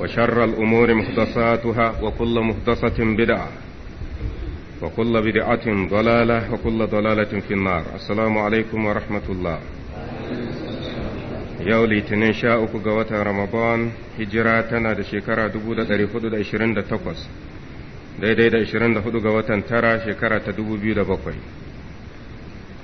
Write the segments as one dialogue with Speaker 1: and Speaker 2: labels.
Speaker 1: وشر الأمور محدثاتها وكل محدثة بدعة وكل بدعة ضلالة وكل ضلالة في النار السلام عليكم ورحمة الله yau litinin sha uku ga watan ramadan hijira tana da shekara 428 daidai da 24 ga watan tara shekara ta bakwai.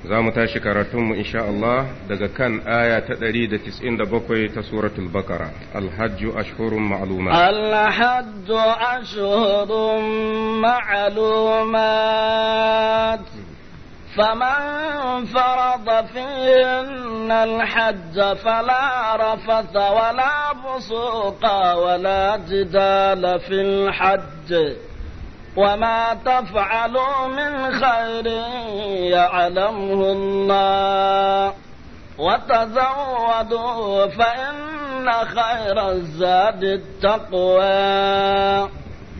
Speaker 1: za mu tashi karatunmu insha Allah daga kan aya ta ɗari da da tis'in bakwai ta suratul bakara alhajju ashhurun ma'aluma
Speaker 2: alhajju ashhurun ma'lumat فمن فرض فيهن الحج فلا رفث ولا بصوق ولا جدال في الحج وما تفعلوا من خير يعلمه الله وتزودوا فإن خير الزاد التقوى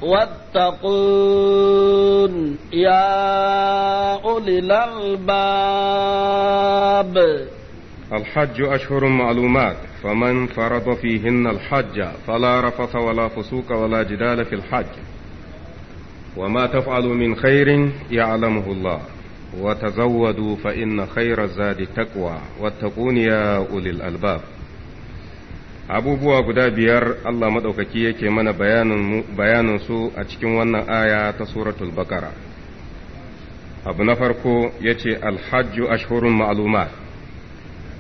Speaker 2: واتقون يا أولي الألباب
Speaker 1: الحج أشهر معلومات فمن فرض فيهن الحج فلا رفث ولا فسوق ولا جدال في الحج وما تفعلوا من خير يعلمه الله وتزودوا فإن خير الزاد التقوى واتقون يا أولي الألباب abubuwa guda biyar Allah maɗaukaki yake mana bayanin su a cikin wannan aya ta suratul bakara abu na farko ya ce alhajju ashhurun ma'aluma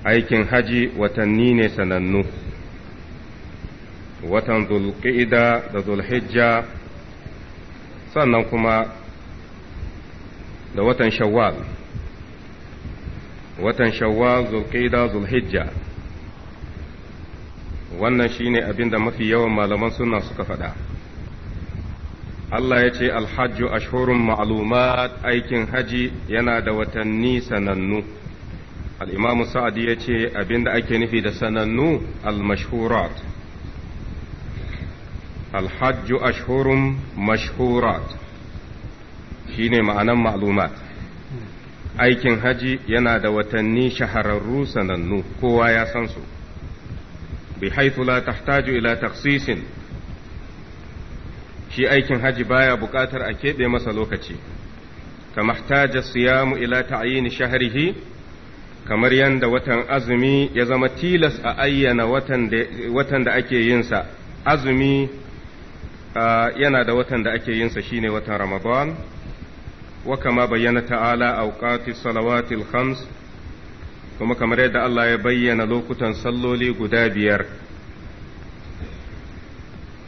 Speaker 1: aikin haji watanni ne sanannu watan zulqa'ida da zulhijja sannan kuma da watan shawwal watan shawwal zulqaida zulhijja wannan shine abin da mafi yawan malaman suna suka faɗa Allah ya ce alhajju ashhurun ma'lumat aikin haji yana da watanni sanannu al-imamu sa'adi ya ce abin da ake nufi da sanannu al-mashhurat الحج أشهر مشهورات شيني معنى معلومات aikin haji yana da watanni shahararru sanannu kowa ya san su bi haithu la tahtaju ila taksisin shi aikin haji baya buƙatar a keɓe masa lokaci kamahtaja htaja siyamu ila ta'ayini shahrihi kamar yadda watan azumi ya zama tilas a ayyana watan da ake yinsa azumi yana da watan da ake yinsa shine watan Ramadan, wa kama bayyana ta'ala auqati salawatil khams kuma kamar yadda Allah ya bayyana lokutan salloli guda biyar.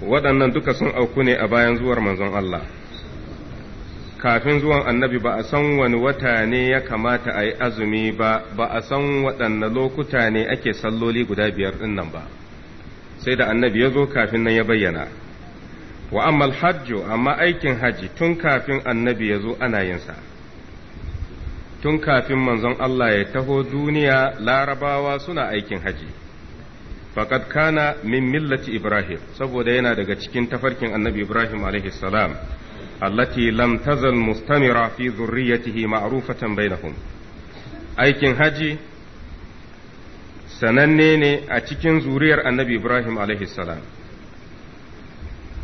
Speaker 1: Waɗannan duka sun auku ne a bayan zuwar manzon Allah. Kafin zuwan annabi ba a san wani wata ne ya kamata a yi azumi ba, ba a san waɗanne lokuta ne ake salloli guda biyar ɗin ba, sai da annabi ya zo kafin nan ya bayyana. wa ammal amma aikin haji tun kafin annabi ya zo ana yinsa tun kafin manzon Allah ya taho duniya larabawa suna aikin haji faqad kana min millati ibrahim saboda yana daga cikin tafarkin annabi ibrahim alaihi salam allati lam tazal mustamira fi zurriyatihi ma'rufatan bainahum aikin haji sananne ne a cikin zuriyar annabi ibrahim alaihi salam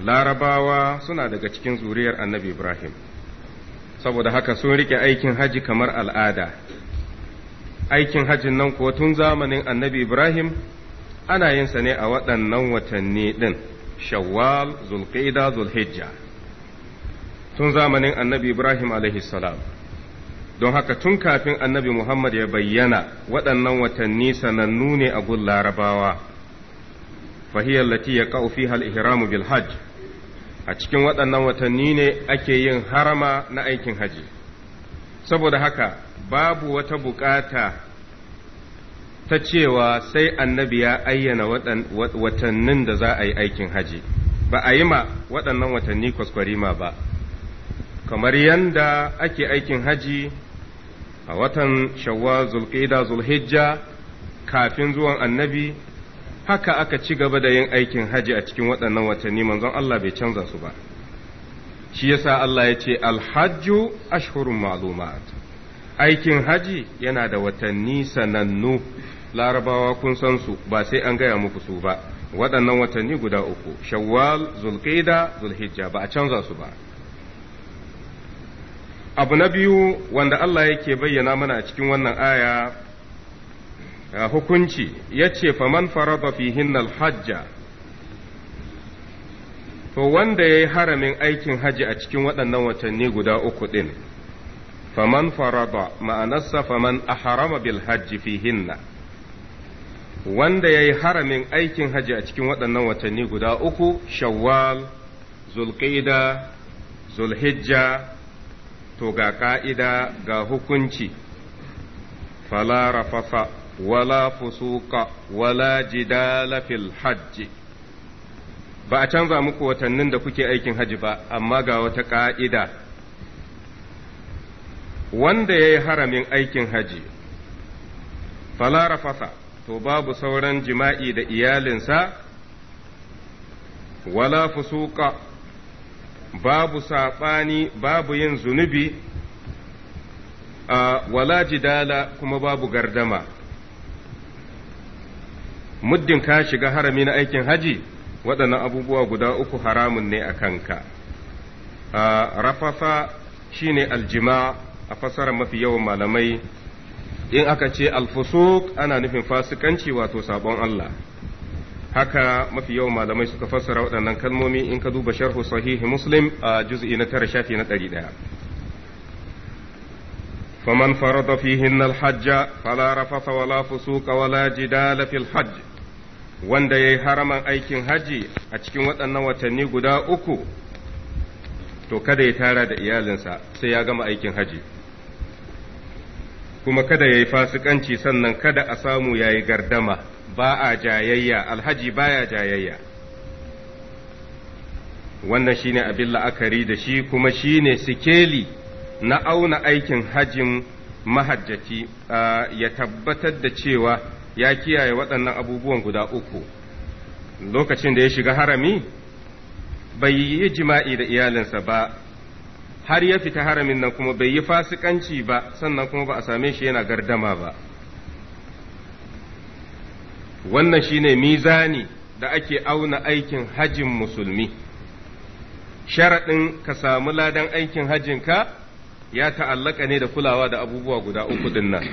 Speaker 1: larabawa suna daga cikin zuriyar annabi ibrahim saboda haka sun rike aikin haji kamar al'ada aikin hajin nan ko tun zamanin annabi ibrahim ana yin sa ne a waɗannan watanni ɗin shawwal zulqa'ida zulhijja tun zamanin annabi ibrahim salam don haka tun kafin annabi muhammad ya bayyana waɗannan watanni sanannu ne a gun larabawa fahiyar lati ya ƙa'u fiha bil hajj a cikin waɗannan watanni ne ake yin harama na aikin haji saboda haka babu wata bukata ta cewa sai annabi ya ayyana watannin da za a yi aikin haji ba a yi ma waɗannan watanni kwaskwarima ba kamar yanda ake aikin haji a watan shawwa zulqida zulhijja kafin zuwan annabi haka aka ci gaba da yin aikin haji a cikin waɗannan watanni manzon Allah bai canza su ba shi yasa Allah ya ce alhajju ashhurun ma'lumat aikin haji yana da watanni sanannu larabawa kun san su ba sai an gaya muku su ba waɗannan watanni guda uku shawwal zulqaida zulhijja ba a canza su ba abu na biyu wanda Allah yake bayyana mana a cikin wannan aya hukunci ya ce faman farada fihin hajja to wanda ya yi haramin aikin haji a cikin waɗannan watanni guda uku ɗin faman farada ma'anarsa faman aharama bil hajji fihinna wanda ya yi haramin aikin haji a cikin waɗannan watanni guda uku shawwal zulqida zulhijja to ga ƙa'ida ga hukunci fala rafafa wala فسوق wala جدال في الحج ba a canza muku watannin da kuke aikin haji ba amma ga wata ƙa'ida. wanda ya yi haramin aikin haji fala rafasa to babu sauran jima'i da iyalinsa wala fusuka babu saɓani babu yin zunubi ah, wala jidala kuma babu gardama muddin ka shiga harami na aikin haji waɗannan abubuwa guda uku haramun ne a kanka rafafa shine aljima a fasara mafi yawan malamai in aka ce alfusuk ana nufin fasikanci wato sabon Allah haka mafi yawan malamai suka fasara waɗannan kalmomi in ka duba sharhu sahihi muslim a juz'i na tara shafi na ɗari ɗaya فمن فرض فيهن الحج فلا رفث ولا فسوق ولا جدال في الحج wanda ya yi haraman aikin haji a cikin waɗannan watanni guda uku to kada ya tara da iyalinsa sai ya gama aikin haji kuma kada ya yi fasikanci sannan kada a samu ya yi gardama ba a jayayya alhaji ba ya jayayya wannan shi ne abin la'akari da shi kuma shi ne sikeli na auna aikin hajin mahajjaci ya tabbatar da cewa ya kiyaye waɗannan abubuwan guda uku lokacin da ya shiga harami bai yi jima'i da iyalinsa ba har ya fita haramin nan kuma bai yi fasikanci ba sannan kuma ba a same shi yana gardama ba wannan shine mizani da ake auna aikin hajjin musulmi sharaɗin ka samu ladan aikin hajjinka ya ta'allaka ne da kulawa da abubuwa guda uku dinnan.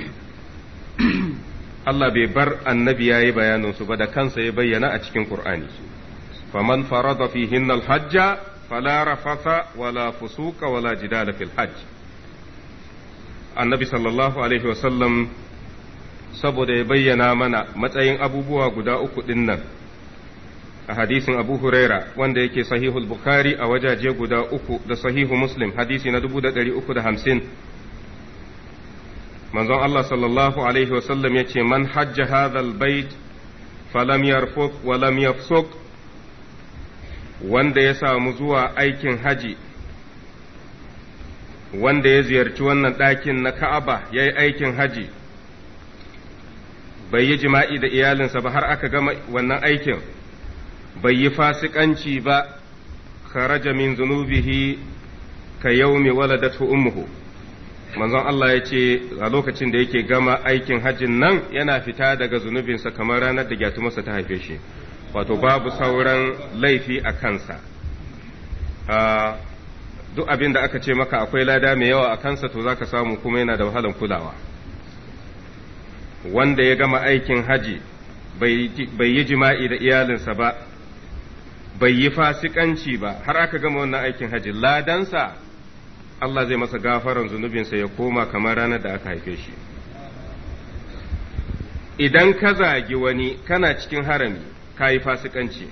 Speaker 1: Allah bai bar annabi ya yi bayaninsu ba da kansa ya bayyana a cikin Ƙur'ani. Faman farada fihin hajja fala rafasa wala fusuka wala jidala fil hajj. Annabi sallallahu alaihi wasallam saboda ya bayyana mana matsayin abubuwa guda uku ɗin nan a hadisin Abu Huraira wanda yake sahihul Bukhari a wajaje guda uku da sahihu Muslim hadisi na dubu da ɗari uku da hamsin. manzon Allah sallallahu alaihi wasallam ya ce man hajja hadhal bait falam yarfuk wa lam wanda ya samu zuwa aikin haji wanda ya ziyarci wannan ɗakin na Ka'aba ya yi aikin haji bai yi jima'i da iyalinsa ba har aka gama wannan aikin bai yi fasikanci ba kharaja min zunubihi ka yaumi waladatu ummuhu manzon Allah ya ce a lokacin da yake gama aikin hajjin nan yana fita daga zunubinsa kamar ranar da masa ta haife shi wato babu sauran laifi a kansa duk abin da aka ce maka akwai lada mai yawa a kansa to za ka samu kuma yana da wahalan kulawa wanda ya gama aikin haji bai yi jima'i da iyalinsa ba bai yi fasikanci ba har aka gama wannan aikin haji ladansa Allah zai masa gafaran zunubinsa ya koma kamar ranar da aka haife shi idan ka zagi wani kana cikin harami ka yi fasikanci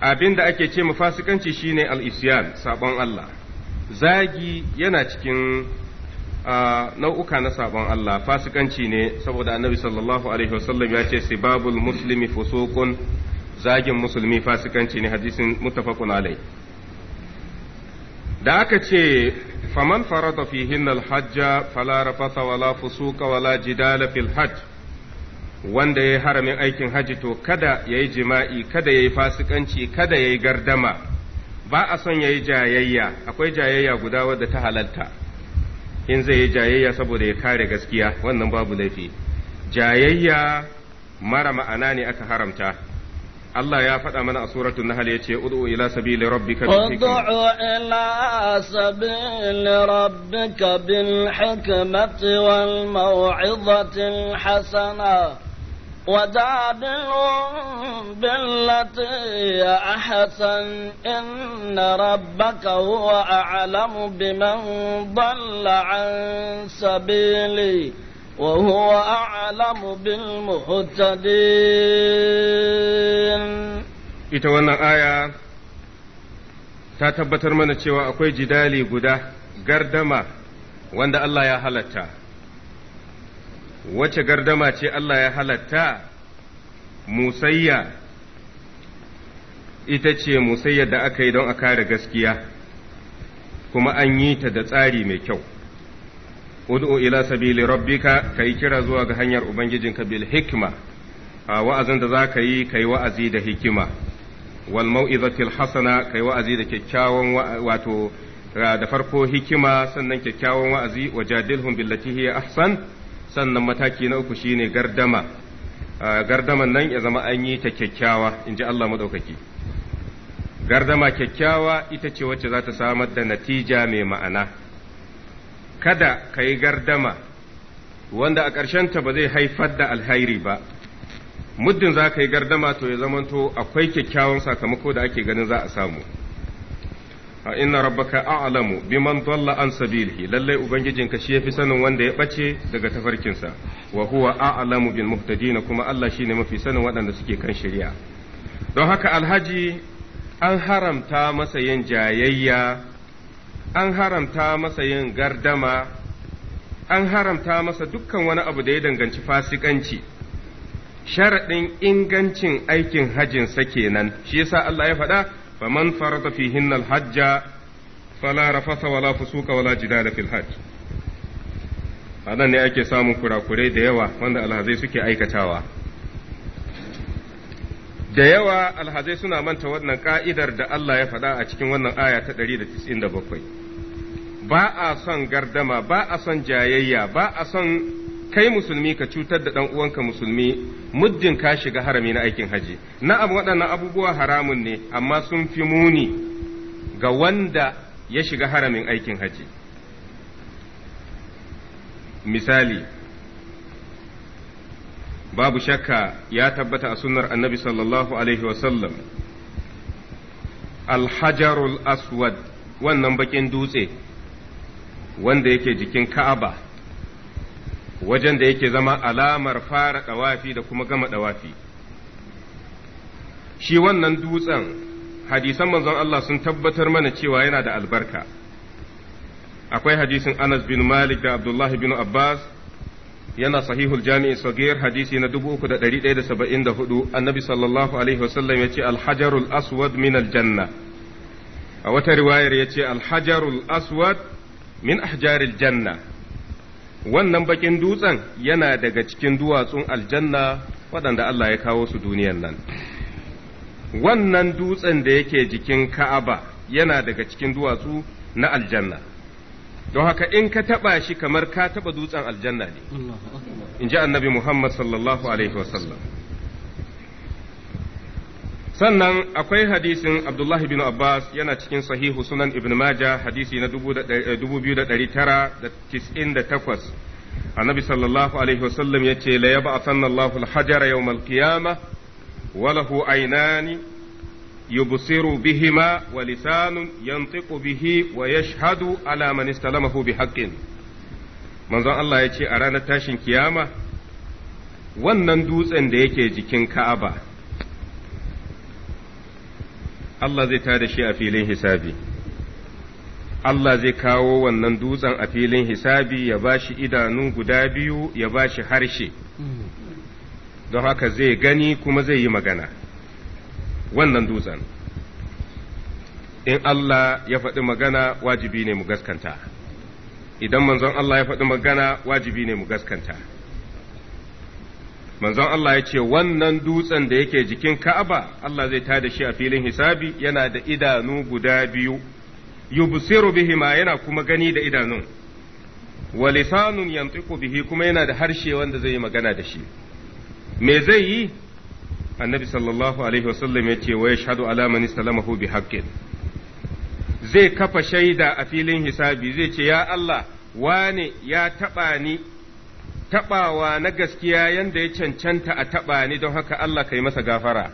Speaker 1: abin da ake ce fasikanci shi ne isyan sabon Allah zagi yana cikin nau'uka na sabon Allah fasikanci ne saboda annabi sallallahu alaihi wasallam ya ce sibabul musulmi fusuqun zagin musulmi fasikanci ne hadisin mutafakun alai da aka ce faman farada fihin alhajja fala rafasa wala fusuka wala jidala fil hajj wanda ya haramin aikin hajji to kada ya yi jima'i kada ya yi fasikanci kada ya yi gardama ba a son ya yi jayayya akwai jayayya guda wadda ta halalta in zai yi jayayya saboda ya kare gaskiya wannan babu laifi jayayya mara ma'ana ne aka haramta الله يا فتامنا سورة النهل يتي ادعو الى سبيل ربك ادعو
Speaker 2: الى سبيل ربك بالحكمة والموعظة الحسنة وجادلهم بالتي هي احسن ان ربك هو اعلم بمن ضل عن سبيلي وهو أعلم
Speaker 1: بالمهتدين ita wannan aya ta tabbatar mana cewa akwai jidali guda gardama wanda Allah ya halatta wace gardama ce Allah ya halatta musayya ita ce musayya da aka yi don a kare gaskiya kuma an yi ta da tsari mai kyau ud'u ila sabili rabbika kai kira zuwa ga hanyar ubangijinka bil hikma wa'azin da za ka yi kai wa'azi da hikima wal mau'izatil hasana kai wa'azi da kyakkyawan wato da farko hikima sannan kyakkyawan wa'azi wajadilhum billati hiya ahsan sannan mataki na uku shine gardama gardaman nan ya zama an yi ta kyakkyawa in ji Allah maɗaukaki. Gardama kyakkyawa ita ce wacce za ta samar da natija mai ma'ana. kada ka yi gardama wanda a ƙarshenta ba zai haifar da alhairi ba muddin za ka yi gardama to ya zamanto akwai kyakkyawan sakamako da ake ganin za a samu a inna rabbaka a'lamu biman dalla an sabilihi lalle ubangijinka shi yafi sanin wanda ya bace daga tafarkinsa wa huwa a'lamu bil muhtadina kuma Allah shine mafi sanin waɗanda suke kan shari'a don haka alhaji an haramta masa yin jayayya an haramta masa yin gardama an haramta masa dukkan wani abu da ya danganci fasikanci sharaɗin ingancin aikin hajjinsa kenan shi yasa Allah ya faɗa faman farata fihinna hajja, fala rafasa wala fusuka wala jidala fil hajj anan ne ake samun kurakurai da yawa wanda alhazai suke aikatawa da yawa alhazai suna manta wannan ka'idar da Allah ya faɗa a cikin wannan aya ta 197 ba a son gardama ba a son jayayya ba a son kai musulmi ka cutar da ɗan uwanka musulmi muddin ka shiga harami na aikin haji na'am waɗannan abubuwa haramun ne amma sun fi muni ga wanda ya shiga haramin aikin haji misali babu shakka ya tabbata a sunnar annabi sallallahu alaihi wasallam alhajarul aswad wannan bakin dutse wanda yake jikin ka'aba wajen da yake zama alamar fara ɗawafi da kuma gama ɗawafi shi wannan dutsen hadisan manzon Allah sun tabbatar mana cewa yana da albarka akwai hadisin Anas bin Malik da Abdullahi bin Abbas yana sahihul jami'i sagir hadisi na 3174 annabi sallallahu alaihi wasallam yace alhajarul aswad min aljanna a wata riwayar yace alhajarul aswad min ahjaril janna wannan bakin dutsen yana daga cikin duwatsun aljanna waɗanda Allah ya kawo su duniyan nan wannan dutsen da yake jikin ka'aba yana daga cikin duwatsu na aljanna don haka in ka taɓa shi kamar ka taɓa dutsen aljanna ne inji annabi muhammad sallallahu alaihi wasallam sannan akwai hadisin abdullahi bin abbas yana cikin sahihu sunan ibn majah hadisi na 2998 annabi sallallahu alaihi wasallam ya ce la yaba sanallahu alhajara yawmal qiyamah wa lahu aynani yubsiru bihima wa lisanun yantiqu bihi wa yashhadu ala man istalamahu bihaqqin manzon Allah ya ce a ranar tashin kiyama wannan dutsen da yake jikin Ka'aba Allah zai tada shi a filin hisabi Allah zai kawo wannan dutsen a filin hisabi ya ba shi idanu guda biyu ya ba shi harshe don haka zai gani kuma zai yi magana wannan dutsen in Allah ya faɗi magana wajibi ne mu gaskanta idan manzon Allah ya faɗi magana wajibi ne mu gaskanta manzon Allah ya ce wannan dutsen da yake jikin Ka'aba Allah zai ta da shi a filin hisabi yana da idanu guda biyu yubsiru ma yana kuma gani da idanun wa lisanun yantiqu bihi kuma yana da harshe wanda zai yi magana da shi me zai yi annabi sallallahu alaihi wasallam ya ce wa yashhadu ala man bi haqqin zai kafa shaida a filin hisabi zai ce ya Allah wane ya taba ni taɓawa na gaskiya yanda ya cancanta a taɓa ni don haka Allah kai masa gafara.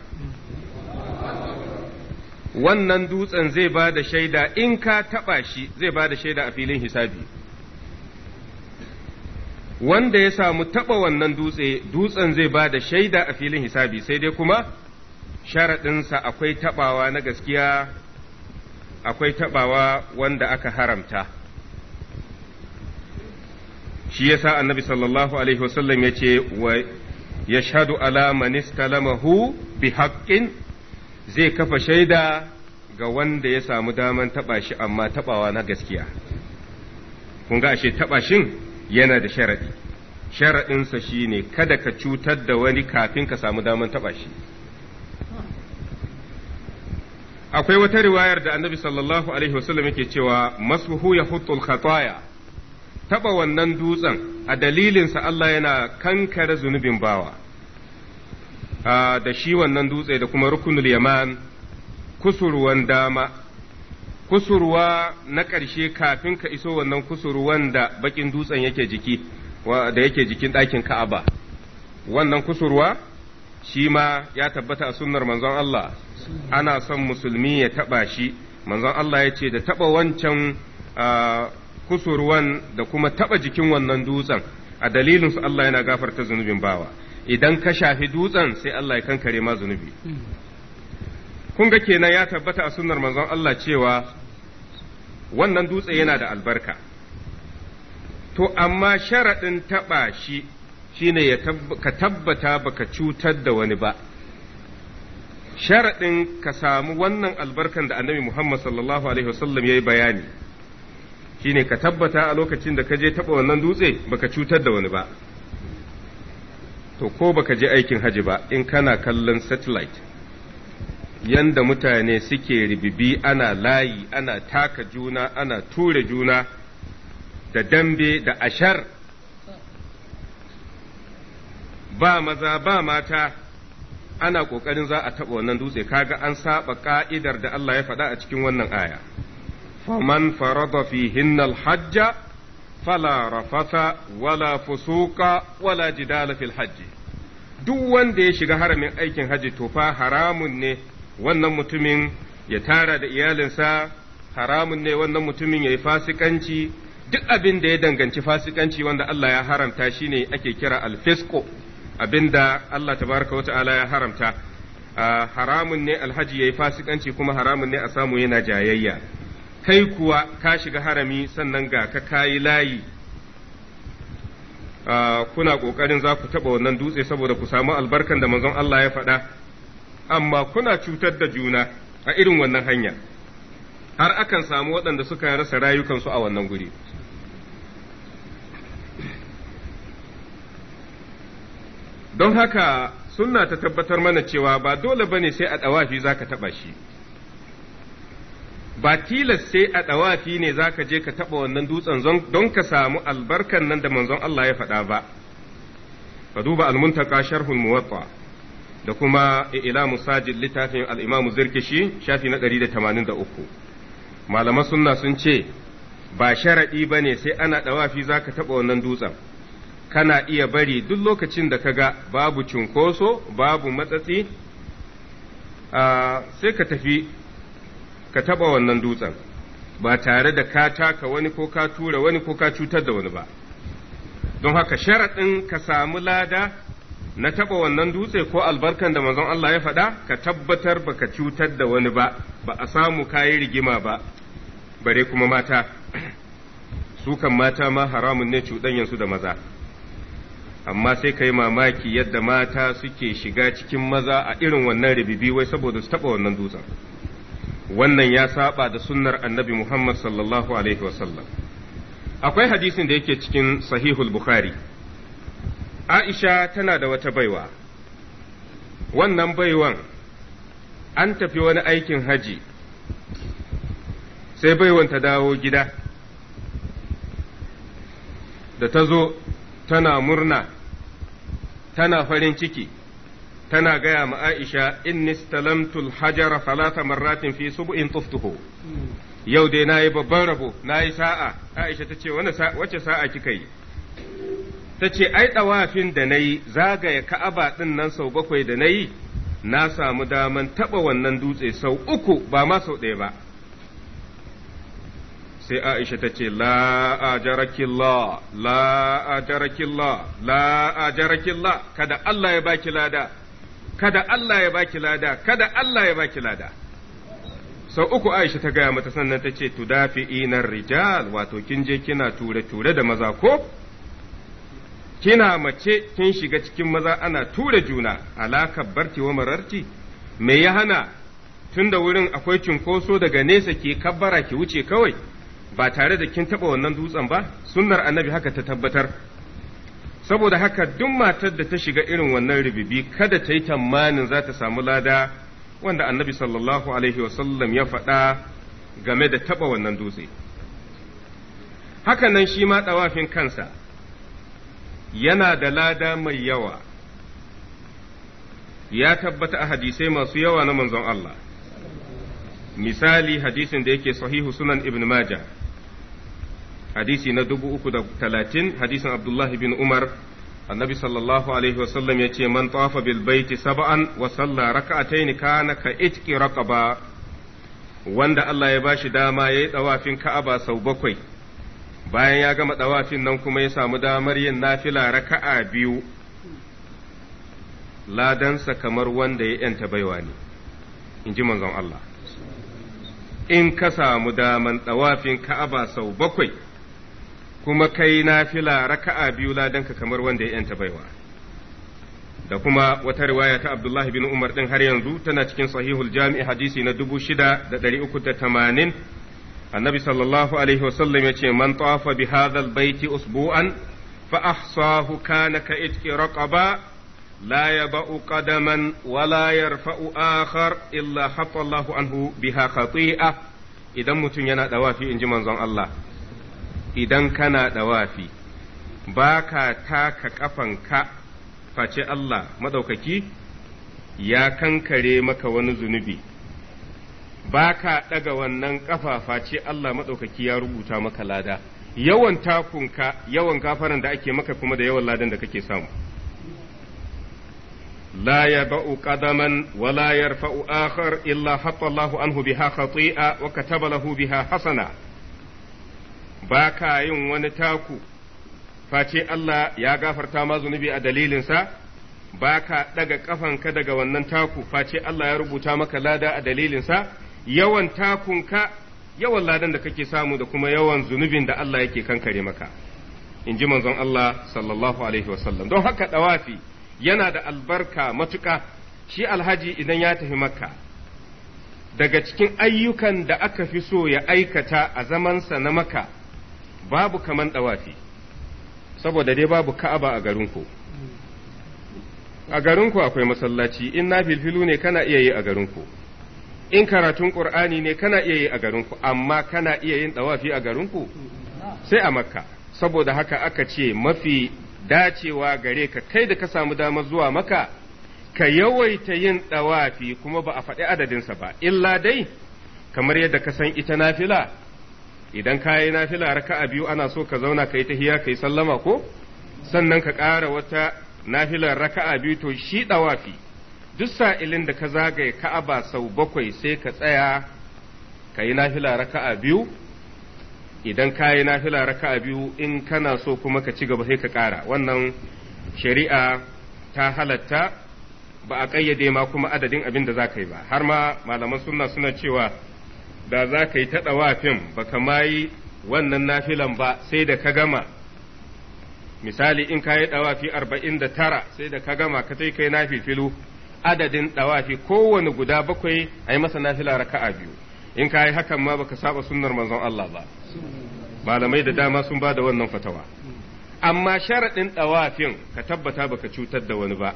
Speaker 1: Wannan dutsen zai ba da shaida in ka taɓa shi zai ba da shaida a filin hisabi. Wanda ya samu taɓa wannan dutse, dutsen zai ba da shaida a filin hisabi sai dai kuma sharaɗinsa akwai taɓawa na gaskiya, akwai taɓawa wanda aka haramta. shi yasa annabi sallallahu alaihi wasallam ya ce wa yashhadu ala man bi haƙƙin zai kafa shaida ga wanda ya samu daman taɓa shi amma taɓawa na gaskiya kun ga ashe taɓa shin yana da sharaɗinsa shi ne kada ka cutar da wani kafin ka samu daman taɓa shi akwai wata riwayar da annabi sallallahu alaihi wasallam yake cewa masbuhu ya hutul khataya taɓa wannan dutsen a dalilinsa Allah yana kankare zunubin bawa da shi wannan dutse da kuma rukunul yaman kusurwan dama kusurwa na ƙarshe kafin ka iso wannan kusurwan da bakin dutsen yake jiki da yake jikin ɗakin ka'aba wannan kusurwa shi ma ya tabbata a sunnar manzon Allah ana son musulmi ya taɓa shi manzon Allah ya ce da taɓa wancan kusurwan da kuma taɓa jikin wannan dutsen a dalilin su Allah yana gafarta zunubin bawa idan ka shafi dutsen sai Allah ya kankare ma zunubi kun ga kenan ya tabbata a sunnar manzon Allah cewa wannan dutse yana da albarka to amma sharaɗin taɓa shi shine ka tabbata baka cutar da wani ba sharaɗin ka samu wannan albarkan da annabi Muhammad sallallahu alaihi wasallam ya yi bayani shine ka tabbata a lokacin da ka je taɓa wannan dutse baka cutar da wani ba to ko baka je aikin haji ba in kana kallon satellite yanda mutane suke ribibi ana layi ana taka juna ana ture juna da dambe da ashar ba maza ba mata ana ƙoƙarin za a taɓa wannan dutse kaga an saba ƙa'idar da Allah ya faɗa a cikin wannan aya فمن فرض فيهن الحج فلا رفث ولا فسوق ولا جدال في الحج duk wanda ya shiga haramin aikin haji to fa haramun ne wannan mutumin ya tara da iyalinsa haramun ne wannan mutumin ya yi fasikanci duk abin da ya danganci fasikanci wanda Allah ya haramta shine ake kira alfisko abin da Allah tabaraka wata'ala ya haramta haramun ne alhaji ya yi fasikanci kuma haramun ne a samu yana jayayya kai kuwa ka shiga harami sannan ga ka kayi layi ah, kuna ƙoƙarin za ku taɓa wannan dutse saboda ku samu albarkan da manzon Allah ya faɗa amma kuna cutar da juna a irin wannan hanya har akan samu waɗanda suka rasa rayukansu a wannan guri don haka sunna ta tabbatar mana cewa ba dole bane sai a ɗawafi za ka taɓa shi ba tilas sai a ɗawafi ne za ka je ka taɓa wannan dutsen zon don ka samu albarkan nan da manzon Allah ya faɗa ba. Ka duba almuntaka sharhul muwatta da kuma ila musajid littafin al'imamu zirkishi shafi na ɗari da Malaman sunna sun ce, ba sharaɗi ba ne sai ana ɗawafi za ka taɓa wannan dutsen. Kana iya bari duk lokacin da ka ga babu cunkoso, babu matsatsi, sai ka tafi ka taɓa wannan dutsen ba tare da ka taka wani ko ka tura wani ko ka cutar da wani ba don haka sharaɗin ka samu lada na taɓa wannan dutse ko albarkan da mazan Allah ya faɗa ka tabbatar ba ka cutar da wani ba ba a samu kayi rigima ba bare kuma mata sukan mata ma haramun ne yansu da maza amma sai ka yi mamaki yadda mata suke shiga cikin maza a irin wannan ribibi wai saboda su taɓa wannan dutsen wannan ya saba da sunnar annabi Muhammad sallallahu alaihi wasallam akwai hadisin da yake cikin sahihul bukhari Aisha tana da wata baiwa wannan baiwan an tafi wani aikin haji sai baiwan ta dawo gida da ta zo tana murna tana farin ciki tana gaya ma Aisha inni stalamtul hajara salata marratin fi sub'in tuftuhu yau dai nayi babban rabo nayi sa'a Aisha tace wani wace sa'a kika yi tace ai dawafin da nayi zagaya Ka'aba din nan sau bakwai da nayi na samu daman taɓa wannan dutse sau uku ba ma sau ɗaya ba sai Aisha ta ce, La ajarakillah, la ajarakillah, la ajarakillah, kada Allah ya baki lada, kada Allah ya baki lada kada Allah ya baki lada sau uku Aisha ta gaya mata sannan ta ce tudafi'inar rijal wato kin je kina ture ture da maza ko kina mace kin shiga cikin maza ana tura juna alaka barci wa mararci me ya hana tunda wurin akwai cinkoso daga nesa ke kabbara ki wuce kawai ba tare da kin taɓa wannan dutsen ba sunnar annabi haka ta tabbatar saboda haka duk matar da ta shiga irin wannan ribibi kada ta yi tamanin za ta samu lada wanda annabi sallallahu alaihi wasallam ya faɗa game da taɓa wannan dutse haka nan shi ma ɗawafin kansa yana da lada mai yawa ya tabbata a hadisai masu yawa na manzon Allah misali hadisin da yake sahihu sunan ibn majah hadisi na dubu uku da talatin hadisin abdullahi bin umar annabi sallallahu alaihi wasallam ya ce man tawafa bil baiti sab'an wa salla raka'atayn kana ka itqi raqaba wanda Allah ya bashi dama ya yi dawafin Ka'aba sau bakwai bayan ya gama dawafin nan kuma ya samu damar yin nafila raka'a biyu ladansa kamar wanda ya yanta baiwa ne in ji manzon Allah in ka samu daman dawafin Ka'aba sau bakwai kuma kai nafila raka'a biyu ladanka kamar wanda ya yanta baiwa da kuma wata riwaya ta Abdullahi bin Umar din har yanzu tana cikin sahihul jami'i hadisi na tamanin. annabi sallallahu alaihi wasallam ya ce man tawafa bi hadhal baiti usbu'an fa ahsahu kana ka itqi raqaba la yaba'u qadaman wa la yarfa'u akhar illa hatta anhu biha khati'ah idan mutum yana dawafi inji manzon Allah idan kana ɗawafi ba ka taka ka face Allah maɗaukaki ya kankare maka wani zunubi ba ka ɗaga wannan ƙafa face Allah maɗaukaki ya rubuta maka lada yawan takunka yawan gafaran da ake maka kuma da yawan ladan da kake samu لا يبأ قدما ولا يرفع آخر إلا حط الله عنه بها خطيئة وكتب له بها حسنة ba ka yin wani taku face Allah ya gafarta ma zunubi a dalilinsa ba ka ɗaga ka daga wannan taku face Allah ya rubuta maka lada a dalilinsa yawan takunka yawan ladan da kake samu da kuma yawan zunubin da Allah yake kankare maka in ji manzon Allah sallallahu alaihi wasallam don haka ɗawafi yana da albarka matuƙa shi alhaji idan ya tafi maka daga cikin ayyukan da aka fi so ya aikata a zamansa na maka babu kaman ɗawafi saboda dai babu ka'aba a garinku a garinku akwai masallaci in na filfilu ne kana iya yi a garinku in karatun ƙur'ani ne kana iya yi a garinku amma kana iya yin ɗawafi a garinku sai a makka saboda haka aka ce mafi dacewa gare ka kai da ka samu dama zuwa maka ka yawaita yin ɗawafi kuma ba a faɗi adadinsa ba illa dai kamar yadda ka san ita nafila idan ka yi nafila raka'a biyu ana so ka zauna ka yi tahiya ka yi sallama ko sannan ka ƙara wata nafilar raka'a biyu to shi ɗawafi duk sa'ilin da ka zagaye ka'aba sau bakwai sai ka tsaya ka yi nafila raka'a biyu idan ka yi nafila raka'a biyu in kana so kuma ka ci gaba sai ka ƙara wannan shari'a ta halatta ba a ƙayyade ma kuma adadin abin da za ka yi ba har ma malaman sunna suna cewa da za ka yi ta ɗawafin ba ka ma wannan nafilan ba sai da ka gama misali in ka yi ɗawafi arba'in da tara sai da ka gama ka sai kai nafifilu adadin ɗawafi kowane guda bakwai a yi masa nafila raka'a biyu in ka yi hakan ma baka saba sunnar manzon Allah ba malamai da dama sun ba da wannan fatawa amma sharaɗin ɗawafin ka tabbata baka cutar da wani ba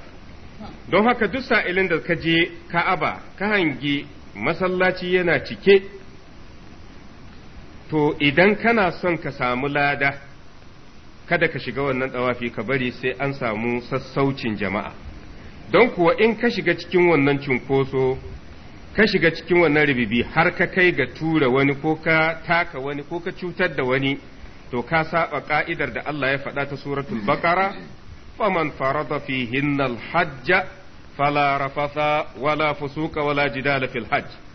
Speaker 1: don haka duk sa'ilin da ka je ka'aba ka hangi masallaci yana cike to idan kana son ka samu lada kada ka shiga wannan tsawafi ka bari sai an samu sassaucin jama'a don kuwa in ka shiga cikin wannan cunkoso ka shiga cikin wannan ribibi har ka kai ga tura wani ko ka taka wani ko ka cutar da wani to ka saba ka'idar da Allah ya faɗa ta suratul baqara faman farada fihinna hajja fala rafatha wala fusuka wala jidala fil hajj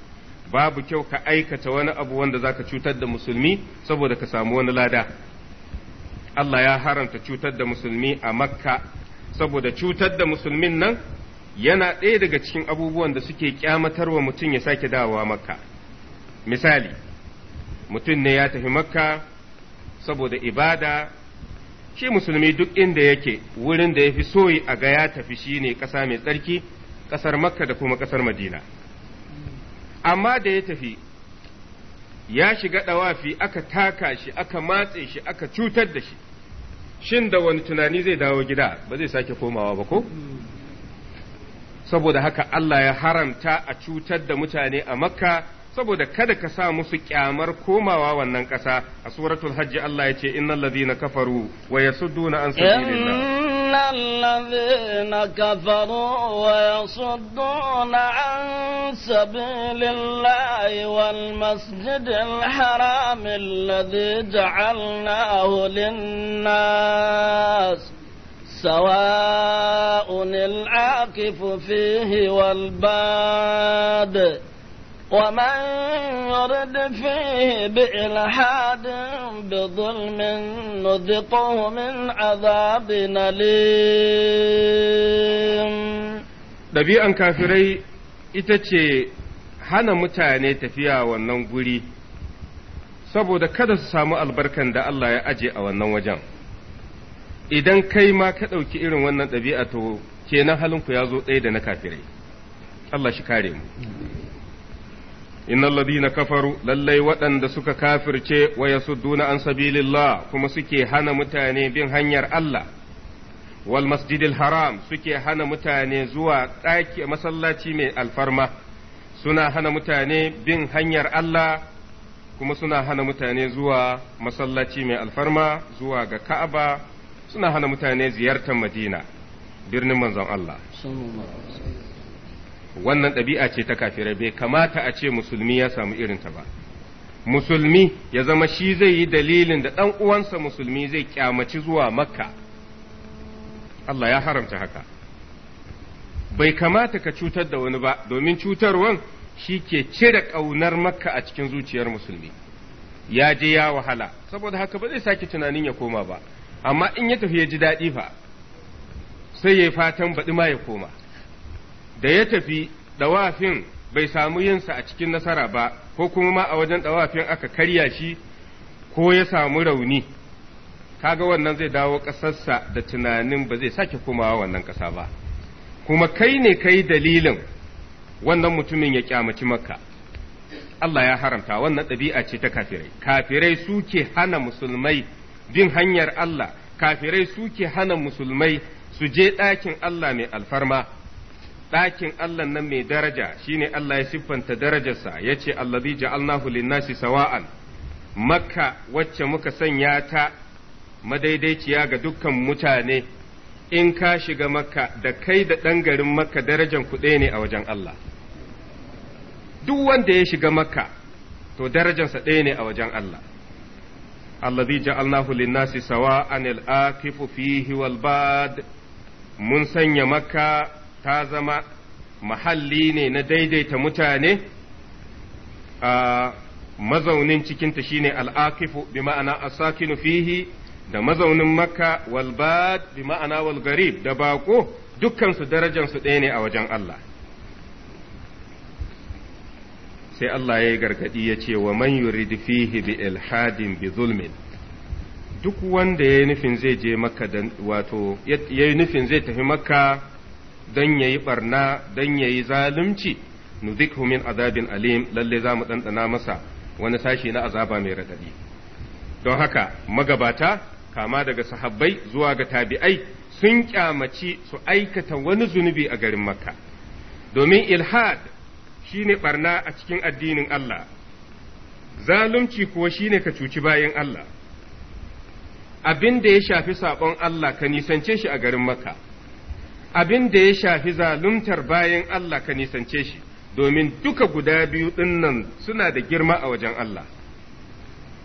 Speaker 1: babu kyau ka aikata wani abu wanda zaka cutar da musulmi saboda ka samu wani lada Allah ya haramta cutar da musulmi a makka saboda cutar da musulmin nan yana ɗaya daga cikin abubuwan da suke kyamatarwa mutum ya sake dawowa makka misali mutum ne ya tafi makka saboda ibada shi musulmi duk inda yake wurin da ya fi soyi a ga ya tafi shi ne ƙasa mai tsarki ƙasar makka da kuma ƙasar madina amma da ya tafi ya shiga ɗawafi aka taka shi aka matse shi aka cutar da shi shin da wani tunani zai dawo gida ba zai sake komawa ba ko saboda haka Allah ya haramta a cutar da mutane a makka saboda kada ka sa musu kyamar komawa wannan ƙasa a suratul hajji Allah ya ce innal ladhina kafaru wa yasudduna an sabilillah
Speaker 2: الذين كفروا ويصدون عن سبيل الله والمسجد الحرام الذي جعلناه للناس سواء العاكف فيه والباد ومن يرد فيه بإلحاد بظلم نذقه من عذاب أليم
Speaker 1: ɗabi'an kafirai ita ce hana mutane tafiya wannan guri saboda kada su samu albarkan da Allah ya aje a wannan wajen idan kai ma ka ɗauki irin wannan ɗabi'a to kenan halinku ya zo ɗaya da na kafirai Allah shi kare mu Inna ladina kafaru lallai waɗanda suka kafirce wa yasudduna an sabilillah kuma suke hana mutane bin hanyar Allah wal masjidil haram suke hana mutane zuwa ɗaki masallaci mai alfarma suna hana mutane bin hanyar Allah kuma suna hana mutane zuwa masallaci mai alfarma zuwa ga Ka'aba suna hana mutane ziyartar Madina birnin manzon Allah wannan ɗabi'a ce ta kafirai bai kamata a ce musulmi ya samu irinta ba musulmi ya zama shi zai yi dalilin da ɗan uwansa musulmi zai kyamaci zuwa makka Allah ya haramta haka bai kamata ka cutar da wani ba domin cutarwan shi ke cire ƙaunar makka a cikin zuciyar musulmi ya je ya wahala saboda haka ba zai sake tunanin ya koma ba amma in ya tafi ya ji daɗi fa sai ya yi fatan baɗi ma ya koma da ya tafi ɗawafin bai samu yinsa a cikin nasara ba ko kuma ma a wajen dawafin aka karya shi ko ya samu rauni kaga wannan zai dawo ƙasarsa da tunanin ba zai sake komawa wannan ƙasa ba kuma kai ne kai dalilin wannan mutumin ya kyamaci makka Allah ya haramta wannan ɗabi'a ce ta kafirai kafirai suke hana musulmai bin hanyar Allah kafirai suke hana musulmai su je ɗakin Allah mai alfarma ɗakin Allah nan mai daraja shine Allah ya siffanta darajarsa ya ce allazi ja'alnahu linnasi sawa'an makka wacce muka sanya ta madaidaiciya ga dukkan mutane in ka shiga makka da kai da ɗan garin makka darajan ku ne a wajen Allah duk wanda ya shiga makka to darajansa ɗaya ne a wajen Allah allazi ja'alnahu linnasi sawa'an al-aqifu fihi wal bad mun sanya makka ta zama mahalli ne na daidaita mutane a mazaunin cikinta shine al'akifu bi ma'ana asakinu fihi da mazaunin makka walbad bi ma'ana walgarib da baƙo. dukkansu darajansu ɗaya ne a wajen Allah sai Allah ya yi gargaɗi ya ce wa man yurid fihi bi ilhadin bi zulmin duk wanda ya yi nufin zai je makka dan wato ya yi nufin zai tafi makka don ya yi barna don ya yi zalunci nudikhu min azabin alim lalle za mu ɗanɗana masa wani sashi na azaba mai raɗaɗi don haka magabata kama daga sahabbai zuwa ga tabi'ai sun kyamaci su aikata wani zunubi a garin makka domin ilhad shine barna a cikin addinin Allah zalunci kuwa shine ka cuci bayan Allah abin da ya shafi saƙon Allah ka nisance shi a garin makka abin da ya shafi zaluntar bayan Allah ka nisance shi domin duka guda biyu dinnan suna da girma a wajen Allah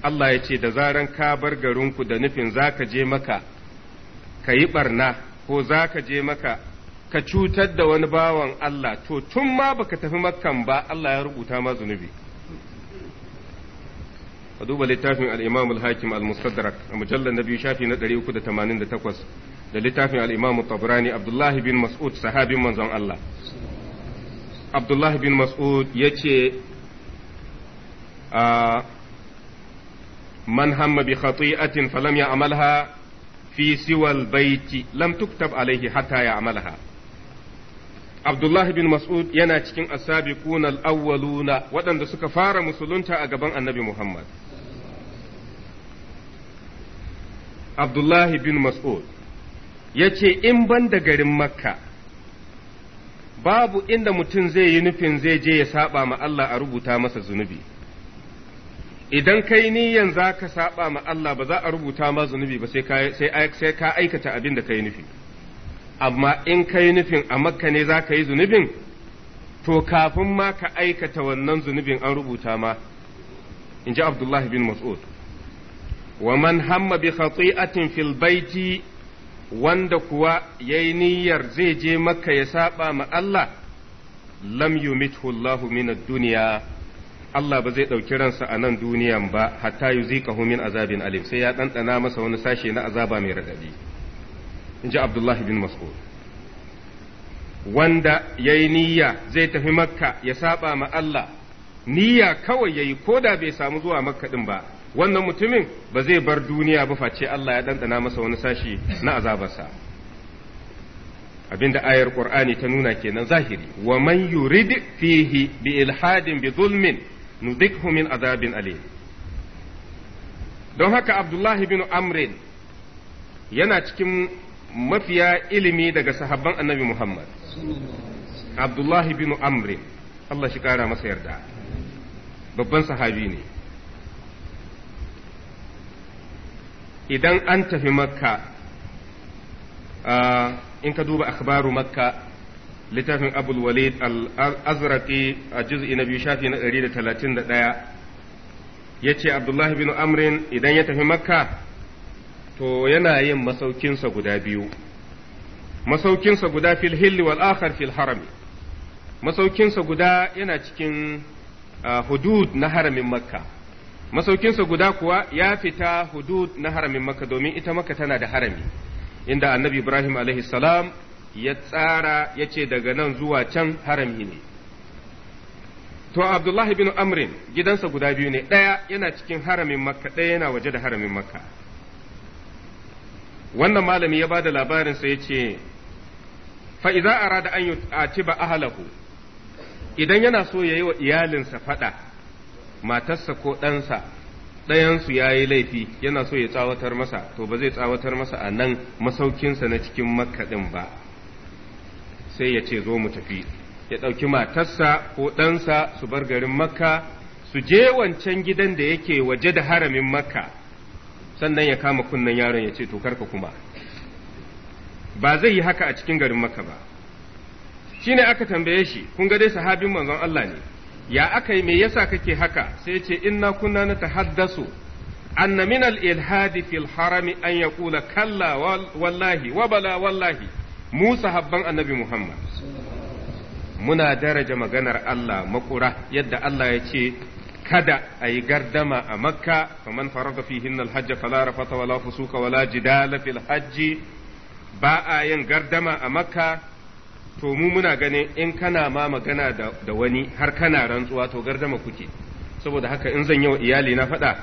Speaker 1: Allah ya ce da zaran ka bar garinku da nufin za ka je maka ka yi barna ko za ka je maka ka cutar da wani bawan Allah to tun ma baka tafi makan ba Allah ya rubuta ma zunubi a duba littafin al-imam hakim al-mustadrak a mujallar na biyu shafi na 388 da littafin al'imamu tabrani abdullahi bin mas'ud sahabin manzon Allah abdullahi bin mas'ud ya ce ah, man hamma bi khati'atin falam ya amalha fi siwal baiti lam tuktab alaihi hatta ya amalha Abdullahi bin Mas'ud yana cikin asabiqun kunal awwaluna waɗanda suka fara musulunta a gaban Annabi Muhammad Abdullahi bin Mas'ud ya ce in ban da garin makka babu inda mutum zai yi nufin zai je ya saba ma Allah a rubuta masa zunubi idan kai niyan za ka saba ma Allah ba za a rubuta ma zunubi ba sai ka aikata abin da ka yi nufi amma in ka yi nufin a makka ne za ka yi zunubin to kafin ma ka aikata wannan zunubin an rubuta ma in ji abdullahi bin mas'ud wa man hamma bi khati'atin fil bayti wanda kuwa ya niyyar zai je Makka ya saba ma Allah, lam yumithu Allahu min duniya Allah ba zai ɗauki ransa a nan duniyan ba, hatta yuzikahu min azabin alim sai ya ɗanɗana masa wani sashe na azaba mai raɗaɗi. In ji Abdullahi bin Mas'ud. Wanda ya niyya zai tafi makka ya saba ma Allah, niyya kawai ya yi ko da bai samu zuwa makka ɗin ba. wannan mutumin ba zai bar duniya ba face Allah ya ɗanɗana masa wani sashi na azabarsa abinda ayar ƙur'ani ta nuna kenan zahiri wa man yurid fihi bi ilhadin bi zulmin nudhikhu min azabin ale. don haka abdullahi bin amrin yana cikin mafiya ilimi daga sahabban annabi muhammad abdullahi bin amrin Allah shi kara masa yarda babban sahabi ne idan an tafi makka in ka duba akhbaru makka littafin abul walid al-azraqi a juz'i na biyu shafi na ya ce abdullahi bin amrin idan ya tafi makka to yana yin masaukinsa guda biyu masaukinsa guda fil hilli wal akhar fil harami masaukinsa guda yana cikin hudud na haramin makka masaukinsa guda kuwa ya fita hudud na haramin maka domin ita maka tana da harami inda annabi ibrahim alaihi salam ya tsara ya ce daga nan zuwa can harami ne to abdullahi bin amrin gidansa guda biyu ne ɗaya yana cikin haramin makka ɗaya yana waje da haramin makka wannan malami ya ba da labarinsa ya ce fa'iza a rada an yi ba ahalahu idan yana so ya yi wa iyalinsa faɗa matarsa ko ɗansa ɗayansu ya yi laifi yana so ya tsawatar masa to ba zai tsawatar masa a nan masaukinsa na cikin makaɗin ba sai ya ce zo mu tafi ya ɗauki matarsa ko ɗansa su bar garin makka su je wancan gidan da yake waje da haramin makka sannan ya kama kunnen yaron ya ce to karka kuma ba zai yi haka a cikin garin makka ba Shi ne aka tambaye shi kun ga dai sahabin manzon Allah ne ya aka yi me yasa kake haka sai ce inna kunna na tahaddasu anna min al-ilhadi fil harami an yaqula kalla wallahi wa bala wallahi mu sahabban annabi Muhammad muna daraja maganar Allah makura yadda Allah ya ce kada a yi gardama a makka faman farada fihin alhajja fala rafata wala fusuka wala jidala fil hajji ba a yin gardama a makka to mu muna ganin in kana ma magana da wani har kana rantsuwa to gardama kuke saboda haka in zan yi wa iyali na faɗa